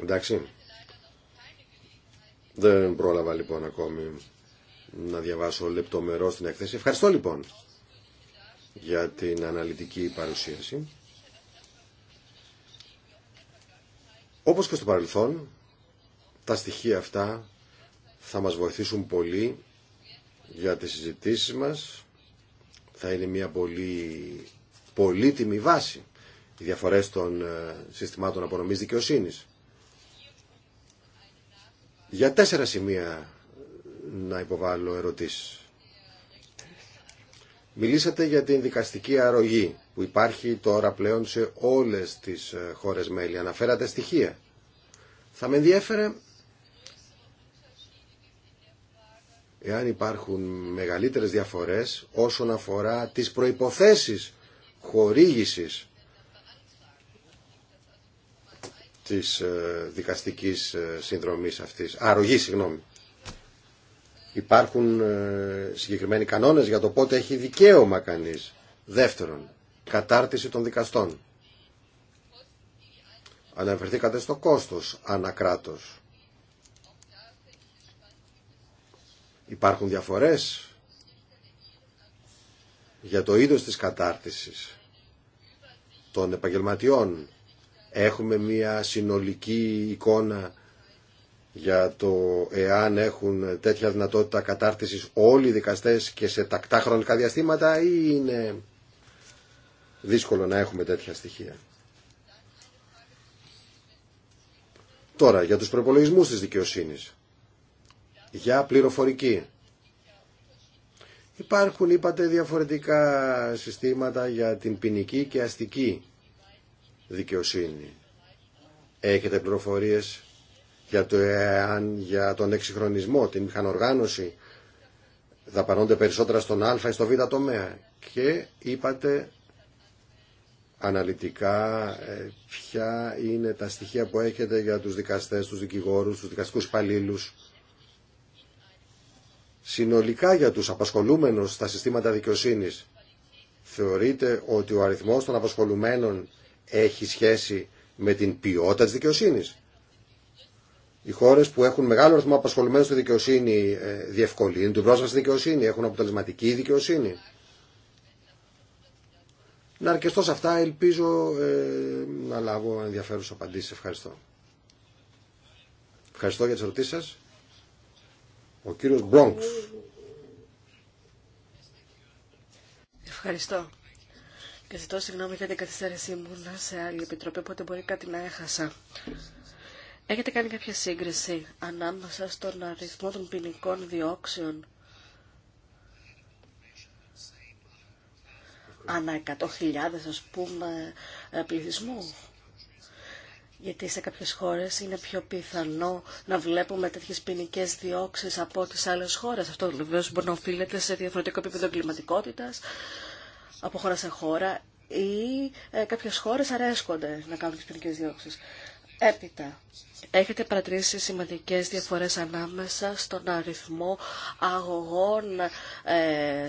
Εντάξει. Δεν πρόλαβα λοιπόν ακόμη να διαβάσω λεπτομερώς την έκθεση. Ευχαριστώ λοιπόν για την αναλυτική παρουσίαση. Όπως και στο παρελθόν, τα στοιχεία αυτά θα μας βοηθήσουν πολύ για τις συζητήσεις μας. Θα είναι μια πολύ πολύτιμη βάση οι διαφορές των ε, συστημάτων απονομής δικαιοσύνης. Για τέσσερα σημεία να υποβάλω ερωτήσεις. Μιλήσατε για την δικαστική αρρωγή που υπάρχει τώρα πλέον σε όλες τις ε, χώρες μέλη. Αναφέρατε στοιχεία. Θα με ενδιέφερε εάν υπάρχουν μεγαλύτερες διαφορές όσον αφορά τις προϋποθέσεις χορήγησης της ε, δικαστικής ε, συνδρομής αυτής, αρρωγής, συγγνώμη. Υπάρχουν ε, συγκεκριμένοι κανόνες για το πότε έχει δικαίωμα κανείς. Δεύτερον, κατάρτιση των δικαστών. Αναφερθήκατε στο κόστος ανακράτος. Υπάρχουν διαφορές για το είδος της κατάρτισης των επαγγελματιών. Έχουμε μια συνολική εικόνα για το εάν έχουν τέτοια δυνατότητα κατάρτισης όλοι οι δικαστές και σε τακτά χρονικά διαστήματα ή είναι δύσκολο να έχουμε τέτοια στοιχεία. Τώρα, για τους προπολογισμού της δικαιοσύνης, για πληροφορική. Υπάρχουν, είπατε, διαφορετικά συστήματα για την ποινική και αστική δικαιοσύνη. Έχετε πληροφορίες για, το εάν, για τον εξυγχρονισμό, την μηχανοργάνωση, δαπανώνται περισσότερα στον α ή στο β τομέα. Και είπατε αναλυτικά ε, ποια είναι τα στοιχεία που έχετε για τους δικαστές, τους δικηγόρους, τους δικαστικούς υπαλλήλου. Συνολικά για τους απασχολούμενους στα συστήματα δικαιοσύνης, θεωρείτε ότι ο αριθμός των απασχολουμένων έχει σχέση με την ποιότητα της δικαιοσύνης. Οι χώρε που έχουν μεγάλο ρυθμό απασχολημένων στη δικαιοσύνη ε, διευκολύνουν την πρόσβαση στη δικαιοσύνη, έχουν αποτελεσματική δικαιοσύνη. Να αρκεστώ σε αυτά, ελπίζω ε, να λάβω ενδιαφέρουσε απαντήσει. Ευχαριστώ. Ευχαριστώ για τι ερωτήσει σα. Ο κύριος Μπρόγκ. Ευχαριστώ. Και ζητώ συγγνώμη για την καθυστέρησή μου σε άλλη επιτροπή, οπότε μπορεί κάτι να έχασα. Έχετε κάνει κάποια σύγκριση ανάμεσα στον αριθμό των ποινικών διώξεων ανά 100.000 ας πούμε ε, πληθυσμού. Γιατί σε κάποιες χώρες είναι πιο πιθανό να βλέπουμε τέτοιες ποινικέ διώξεις από τις άλλες χώρες. Αυτό βεβαίω μπορεί να οφείλεται σε διαφορετικό επίπεδο κλιματικότητα, από χώρα σε χώρα ή ε, κάποιες χώρες αρέσκονται να κάνουν τις ποινικές διώξεις. Έπειτα, έχετε παρατηρήσει σημαντικές διαφορές ανάμεσα στον αριθμό αγωγών ε,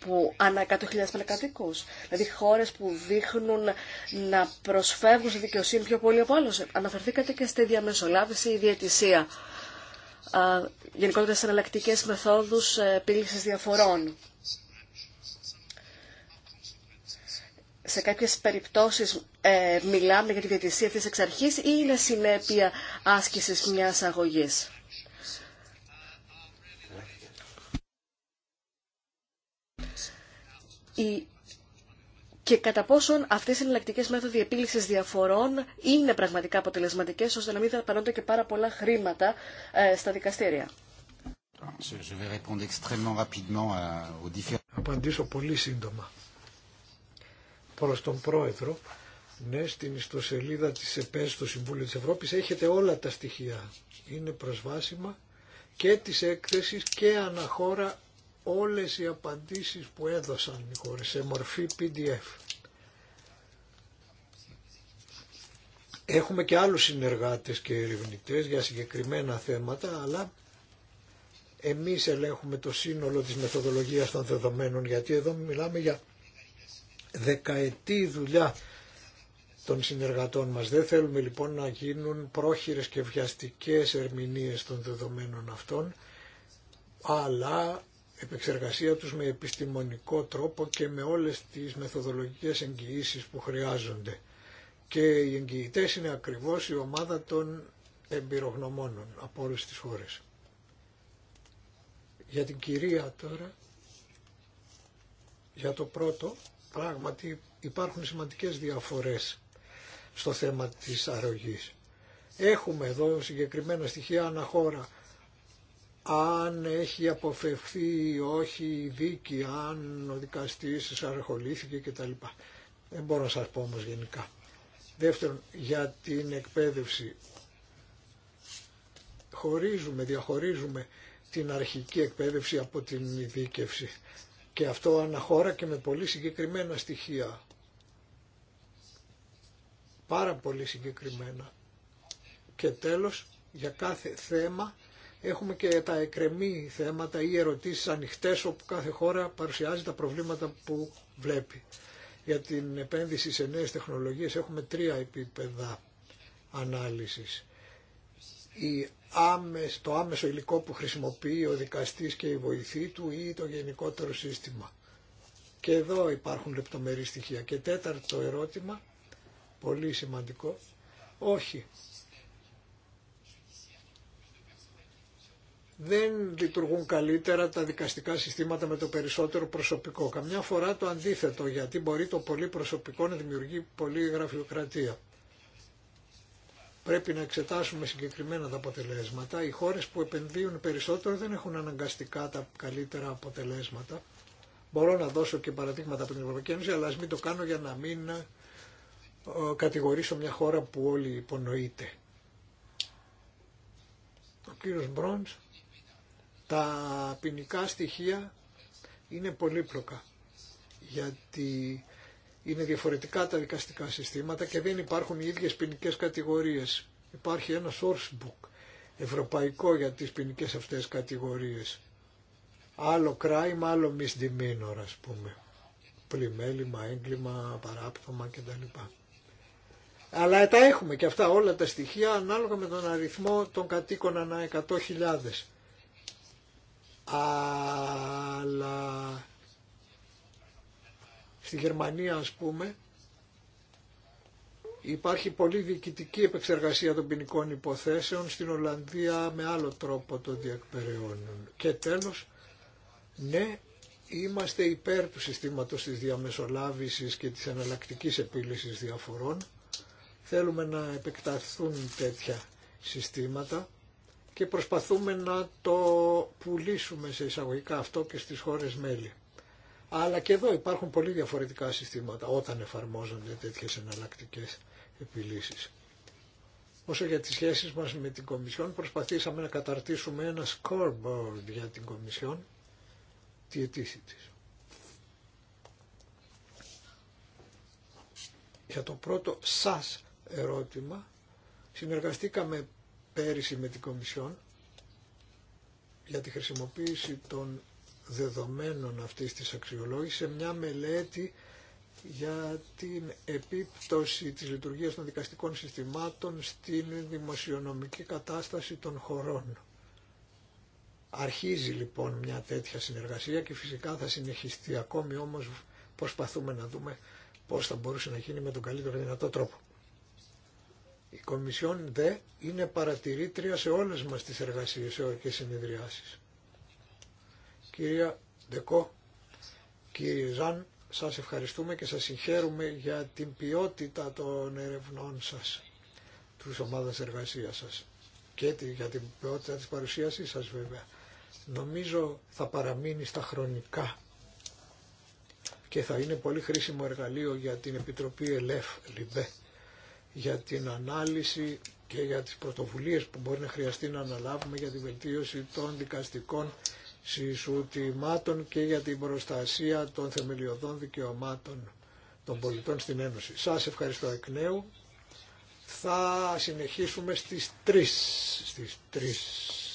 που ανά 100.000 κατοίκους. Δηλαδή χώρες που δείχνουν να προσφεύγουν σε δικαιοσύνη πιο πολύ από άλλους. Αναφερθήκατε και στη διαμεσολάβηση ή διαιτησία. Γενικότερα στις εναλλακτικέ μεθόδους ε, επίλυση διαφορών. σε κάποιες περιπτώσεις ε, μιλάμε για τη διατησία αυτής εξ αρχής ή είναι συνέπεια άσκησης μιας αγωγής. Και κατά πόσον αυτέ οι εναλλακτικέ μέθοδοι επίλυση διαφορών είναι πραγματικά αποτελεσματικέ, ώστε να μην δαπανώνται και πάρα πολλά χρήματα ε, στα δικαστήρια. Euh, απαντήσω πολύ σύντομα προς τον πρόεδρο. Ναι, στην ιστοσελίδα της ΕΠΕΣ στο Συμβούλιο της Ευρώπης έχετε όλα τα στοιχεία. Είναι προσβάσιμα και της έκθεσης και αναχώρα όλες οι απαντήσεις που έδωσαν οι χώρες σε μορφή PDF. Έχουμε και άλλους συνεργάτες και ερευνητές για συγκεκριμένα θέματα, αλλά εμείς ελέγχουμε το σύνολο της μεθοδολογίας των δεδομένων, γιατί εδώ μιλάμε για δεκαετή δουλειά των συνεργατών μας. Δεν θέλουμε λοιπόν να γίνουν πρόχειρες και βιαστικές ερμηνείες των δεδομένων αυτών, αλλά επεξεργασία τους με επιστημονικό τρόπο και με όλες τις μεθοδολογικές εγγυήσεις που χρειάζονται. Και οι εγγυητέ είναι ακριβώς η ομάδα των εμπειρογνωμόνων από όλες τις χώρες. Για την κυρία τώρα, για το πρώτο, Πράγματι υπάρχουν σημαντικές διαφορές στο θέμα της αρρωγής. Έχουμε εδώ συγκεκριμένα στοιχεία αναχώρα. Αν έχει αποφευθεί ή όχι η δίκη, αν ο δικαστής αρχολήθηκε κτλ. Δεν μπορώ να σας πω όμως γενικά. Δεύτερον, για την εκπαίδευση. Χωρίζουμε, διαχωρίζουμε την αρχική εκπαίδευση από την ειδίκευση και αυτό αναχώρα και με πολύ συγκεκριμένα στοιχεία. Πάρα πολύ συγκεκριμένα. Και τέλος, για κάθε θέμα έχουμε και τα εκρεμή θέματα ή ερωτήσεις ανοιχτές όπου κάθε χώρα παρουσιάζει τα προβλήματα που βλέπει. Για την επένδυση σε νέες τεχνολογίες έχουμε τρία επίπεδα ανάλυσης η άμεσ, το άμεσο υλικό που χρησιμοποιεί ο δικαστής και η βοηθή του ή το γενικότερο σύστημα. Και εδώ υπάρχουν λεπτομερή στοιχεία. Και τέταρτο ερώτημα, πολύ σημαντικό, όχι. Δεν λειτουργούν καλύτερα τα δικαστικά συστήματα με το περισσότερο προσωπικό. Καμιά φορά το αντίθετο, γιατί μπορεί το πολύ προσωπικό να δημιουργεί πολύ γραφειοκρατία. Πρέπει να εξετάσουμε συγκεκριμένα τα αποτελέσματα. Οι χώρες που επενδύουν περισσότερο δεν έχουν αναγκαστικά τα καλύτερα αποτελέσματα. Μπορώ να δώσω και παραδείγματα από την Ευρωπαϊκή Ένωση, αλλά ας μην το κάνω για να μην ε, κατηγορήσω μια χώρα που όλοι υπονοείται. Ο κύριος Μπρόντς, τα ποινικά στοιχεία είναι πολύπλοκα, γιατί είναι διαφορετικά τα δικαστικά συστήματα και δεν υπάρχουν οι ίδιες ποινικέ κατηγορίες. Υπάρχει ένα source book ευρωπαϊκό για τις ποινικέ αυτές κατηγορίες. Άλλο crime, άλλο misdemeanor ας πούμε. Πλημέλημα, έγκλημα, παράπτωμα κτλ. Αλλά τα έχουμε και αυτά όλα τα στοιχεία ανάλογα με τον αριθμό των κατοίκων ανά 100.000. Αλλά Στη Γερμανία ας πούμε υπάρχει πολύ διοικητική επεξεργασία των ποινικών υποθέσεων, στην Ολλανδία με άλλο τρόπο το διεκπεραιώνουν. Και τέλος, ναι, είμαστε υπέρ του συστήματος της διαμεσολάβησης και της εναλλακτικής επίλυσης διαφορών. Θέλουμε να επεκταθούν τέτοια συστήματα και προσπαθούμε να το πουλήσουμε σε εισαγωγικά αυτό και στις χώρες μέλη. Αλλά και εδώ υπάρχουν πολύ διαφορετικά συστήματα όταν εφαρμόζονται τέτοιες εναλλακτικέ επιλύσεις. Όσο για τις σχέσεις μας με την Κομισιόν, προσπαθήσαμε να καταρτήσουμε ένα scoreboard για την Κομισιόν, τη αιτήση της. Για το πρώτο σας ερώτημα, συνεργαστήκαμε πέρυσι με την Κομισιόν για τη χρησιμοποίηση των δεδομένων αυτής της αξιολόγησης σε μια μελέτη για την επίπτωση της λειτουργίας των δικαστικών συστημάτων στην δημοσιονομική κατάσταση των χωρών. Αρχίζει λοιπόν μια τέτοια συνεργασία και φυσικά θα συνεχιστεί ακόμη όμως προσπαθούμε να δούμε πώς θα μπορούσε να γίνει με τον καλύτερο δυνατό τρόπο. Η Κομισιόν ΔΕ είναι παρατηρήτρια σε όλες μας τις εργασίες και συνεδριάσεις. Κυρία Δεκό, κύριε Ζαν, σας ευχαριστούμε και σας συγχαίρουμε για την ποιότητα των ερευνών σας, του ομάδας εργασίας σας και για την ποιότητα της παρουσίασής σας βέβαια. Νομίζω θα παραμείνει στα χρονικά και θα είναι πολύ χρήσιμο εργαλείο για την Επιτροπή ΕΛΕΦ, ΛΙΜΠΕ, για την ανάλυση και για τις πρωτοβουλίες που μπορεί να χρειαστεί να αναλάβουμε για τη βελτίωση των δικαστικών συσουτημάτων και για την προστασία των θεμελιωδών δικαιωμάτων των πολιτών στην Ένωση. Σας ευχαριστώ εκ νέου. Θα συνεχίσουμε στις 3. Στις 3.